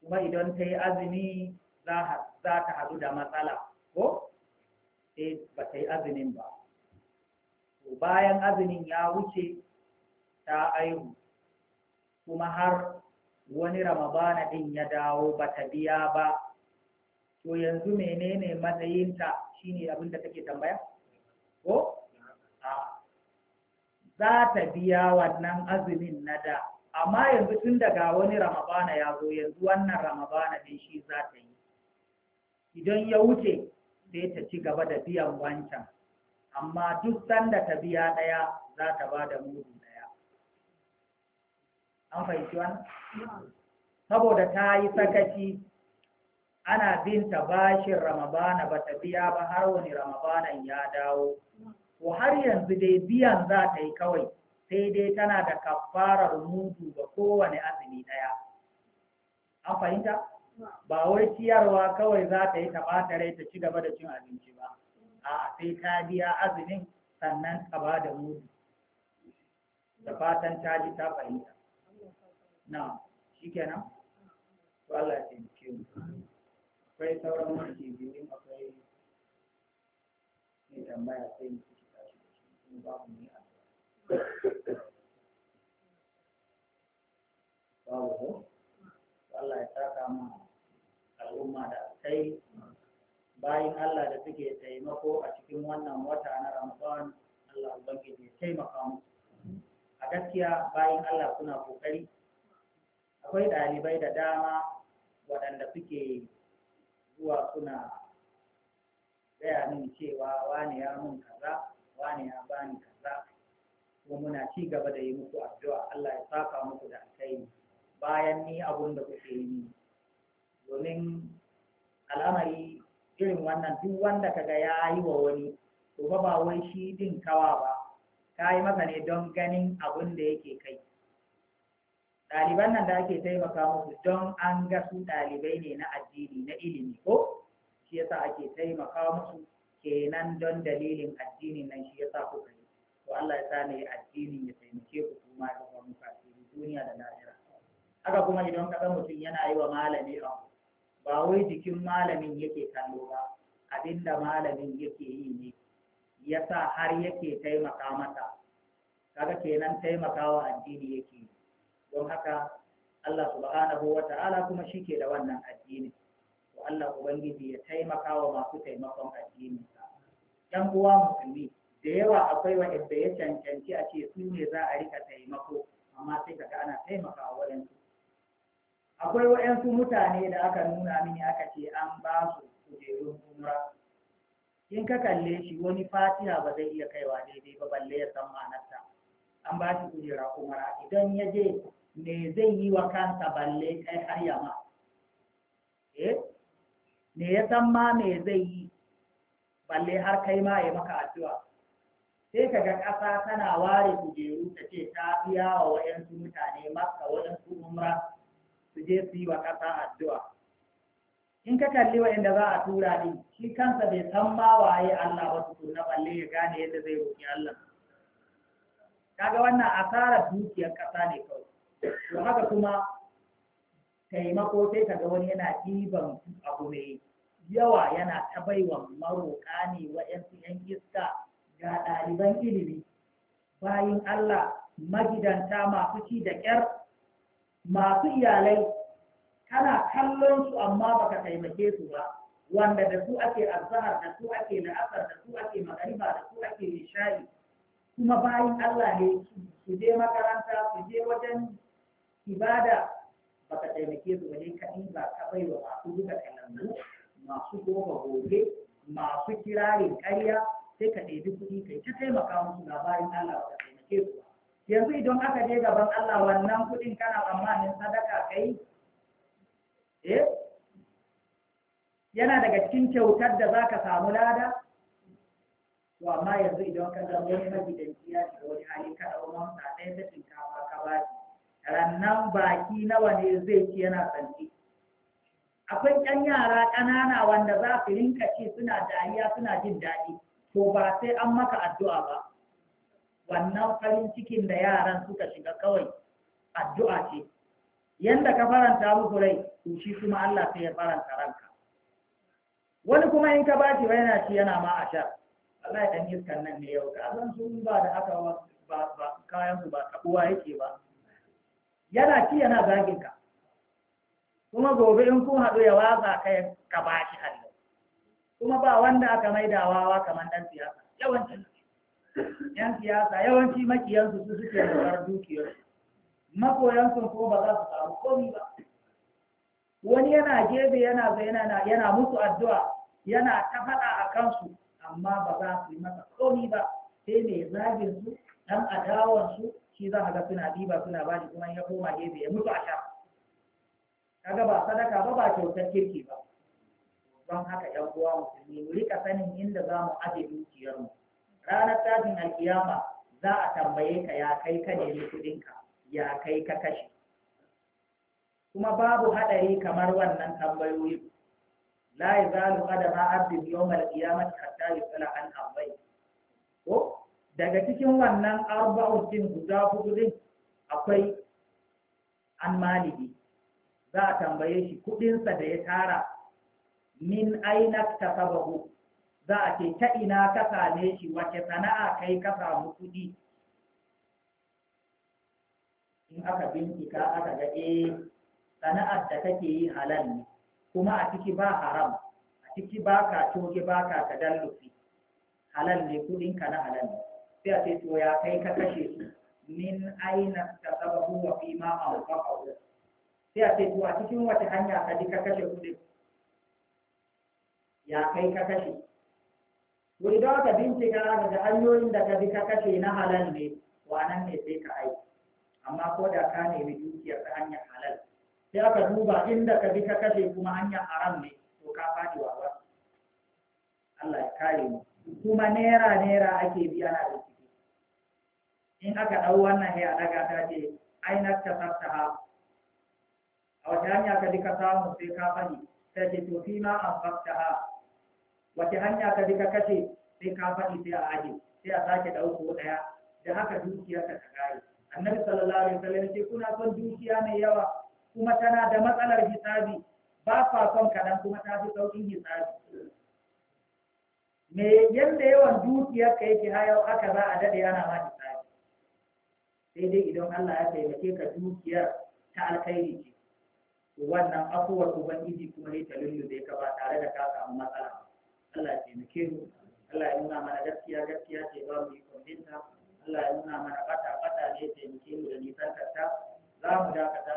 A: kuma idan ta yi azumi za ta hadu da matsala ko sai eh, ba ta yi azumin ba bayan azumin ya wuce ta aihu kuma har wani ramabana din ya dawo ba ta biya ba to yanzu menene matsayinta shine abin da take tambaya ko za ta biya wannan azumin na da amma yanzu tun daga wani ramabana ya zo yanzu wannan ramabana din shi za ta yi idan ya wuce sai ta ci gaba da biyan wancan amma duk sanda ta biya ɗaya za ta ba da mudu ɗaya an fahimci wannan saboda ta yi sakaci ana binta bashin ramabana ba ta biya ba har wani ramabana ya dawo ko har yanzu dai biyan za ta yi kawai sai dai tana da kafarar mudu ga kowane azumi daya an fahimta ba wai ciyarwa kawai za ta yi ta ɓata rai ta ci gaba da cin abinci ba a sai ta biya azumin sannan ta ba da mudu da fatan ta ji ta fahimta na shi to Allah ya taimake mu akwai sauran wani ke biyu akwai mai tambaya sai mutu ci tashi da shi kuma babu ne babu Allah ya saka ma al'umma da kai bayan Allah da suke taimako a cikin wannan wata na Ramadan Allah ubangiji ya taimaka musu a gaskiya bayan Allah kuna kokari akwai ɗalibai da dama waɗanda suke zuwa suna gaya min cewa wani ya mun kaza wani ya bani kaza kuma muna ci gaba da yi muku addu'a Allah ya saka muku da alkhairi bayan ni abun da kuke yi domin al'amari irin wannan duk wanda kaga ya yi wa wani to ba ba wai shi din kawa ba ka yi masa ne don ganin abun da yake kai ɗaliban nan da ake taimaka musu don an ga su ɗalibai ne na addini na ilimi ko shi yasa ake taimaka musu kenan don dalilin addinin nan shi yasa kuka to Allah ya sa ne addinin ya taimake ku kuma da zama fasiri duniya da lahira haka kuma idan ka ga mutum yana yi wa malami abu ba wai jikin malamin yake kallo ba abinda malamin yake yi ne Ya sa har yake taimaka mata kaga kenan taimakawa addini yake don haka Allah subhanahu wa ta'ala kuma shi ke da wannan addini to Allah ubangiji ya taimaka wa masu taimakon addinin ta. yan uwa musulmi da yawa akwai waɗanda ya cancanci a ce su ne za a rika taimako amma sai kaga ana taimakawa waɗansu akwai waɗansu mutane da aka nuna mini aka ce an ba su kujerun umra in ka kalle shi wani fatiha ba zai iya kaiwa daidai ba balle ya san ma'anarta an ba shi kujera umra idan ya je me zai yi wa kansa balle kai har yama eh me ya san ma me zai yi balle har kai ma ya maka addu'a sai ka ga ƙasa tana ware kujeru ta ce ta biya wa waɗansu mutane maka waɗansu umra su je su yi wa ƙasa addu'a in ka kalli waɗanda za a tura ɗin shi kansa bai san ma waye Allah ba su na balle ya gane yadda zai roƙi Allah kaga wannan asarar dukiyar ƙasa ne kawai to haka kuma taimako sai ga wani yana ɗiban abu mai yawa yana ta baiwa maroƙa ne waɗansu ‘yan iska ga ɗaliban ilimi bayin Allah magidanta masu ci da ƙyar masu iyalai kana kallon su amma baka taimake su ba wanda da su ake azhar da su ake la'asar da su ake magariba da su ake nishadi kuma bayin Allah ne su je makaranta su je wajen ibada baka taimake su wani kaɗi ba ka bai wa masu duka kalamu masu goma goge masu kirarin ƙarya sai ka ɗebi kuɗi kai ta taimaka musu ga bayan Allah ka taimake su yanzu idan aka je gaban Allah wannan kuɗin kana tsammanin sadaka kai eh yana daga cikin kyautar da za ka samu lada to amma yanzu idan ka zama wani magidanci ya shiga wani hali ka ɗau mamsa ɗaya ta shinkafa ka ba shi rannan baki nawa ne zai ci yana santi akwai ƴan yara ƙanana wanda za su rinka ci suna dariya suna jin daɗi to ba sai an maka addu'a ba wannan farin cikin da yaran suka shiga kawai addu'a ce yanda ka faranta muku rai to shi kuma Allah sai ya faranta ranka wani kuma in ka bashi wai yana shi yana ma a sha Allah ya dan iskan nan ne yau ka san sun ba da aka ba ba kayan su ba tabuwa yake ba yana ci yana zagin ka kuma gobe in kun haɗu ya watsa kai ka bashi hali kuma ba wanda aka maida wawa kamar dan siyasa yawanci yan siyasa yawanci makiyansu su suke dukiyar makoyansu ko ba za su samu komi ba wani yana gebe yana zai yana musu addu'a yana ta faɗa a kansu amma ba za su yi masa komi ba sai mai zagin su dan adawan su shi za ka ga suna diba suna bani kuma ya koma gebe ya mutu a sha kaga ba sadaka ba ba kyautar kirki ba don haka ‘yan uwa musulmi mu rika sanin inda za mu aje dukiyarmu ranar tashin alkiyama za a tambaye ka ya kai ka nemi kuɗinka ya kai ka kashe kuma babu haɗari kamar wannan tambayoyin la yazalu qadama abdin yawm al ta hatta tsala an arba'in ko daga cikin wannan arba'un din guda hudu akwai an maliki za a tambaye shi kuɗinsa da ya tara min aina kasabahu za a ce ta ina ka same shi wace sana'a kai ka samu kuɗi in aka bincika aka ga eh sana'ar da kake yi halal ne kuma a ciki ba haram a ciki ba ka coge ba ka tadallufi halal ne kuɗin ka na halal ne sai a ce to ya kai ka kashe su min aina kasabahu wa fi ma anfaqahu sai a ce to a cikin wace hanya ka ji ka kashe kuɗin ya kai ka kashe to idan ka bincika za ga hanyoyin da ka bi ka kashe na halal ne nan ne sai ka aiki amma ko da ka nemi dukiyar ta hanyar halal sai aka duba inda ka bi ka kashe kuma hanyar haram ne to ka faɗi wa wasu Allah ya kare mu kuma naira naira ake ana da bincike in aka ɗau wannan ne a daga ta ce ai na ta ha. a wata hanya ka bi ka samu sai ka faɗi? ta ce to fi ma an tsaftaha wace hanya ka bi ka kashe sai ka faɗi sai a aje sai a sake ɗauko ɗaya da haka dukiyarka ta kare annabi sallallahu alaihi wasallam ce kuna son dukiya mai yawa kuma tana da matsalar hisabi ba fa son kaɗan kuma ta fi sauƙin hisabi me yadda yawan dukiyar ka yake ha yau haka za a daɗe ana ma hisabi sai dai idan Allah ya taimake ka dukiyar ta alkhairi ce wannan afuwar ubangiji kuma ne ta lullube ka ba tare Allah ya taimake mu Allah ya nuna mana gaskiya gaskiya ce ba mu yi kwambinta Allah ya nuna mana fata-fata ne taimake mu da nisan ta za mu dakata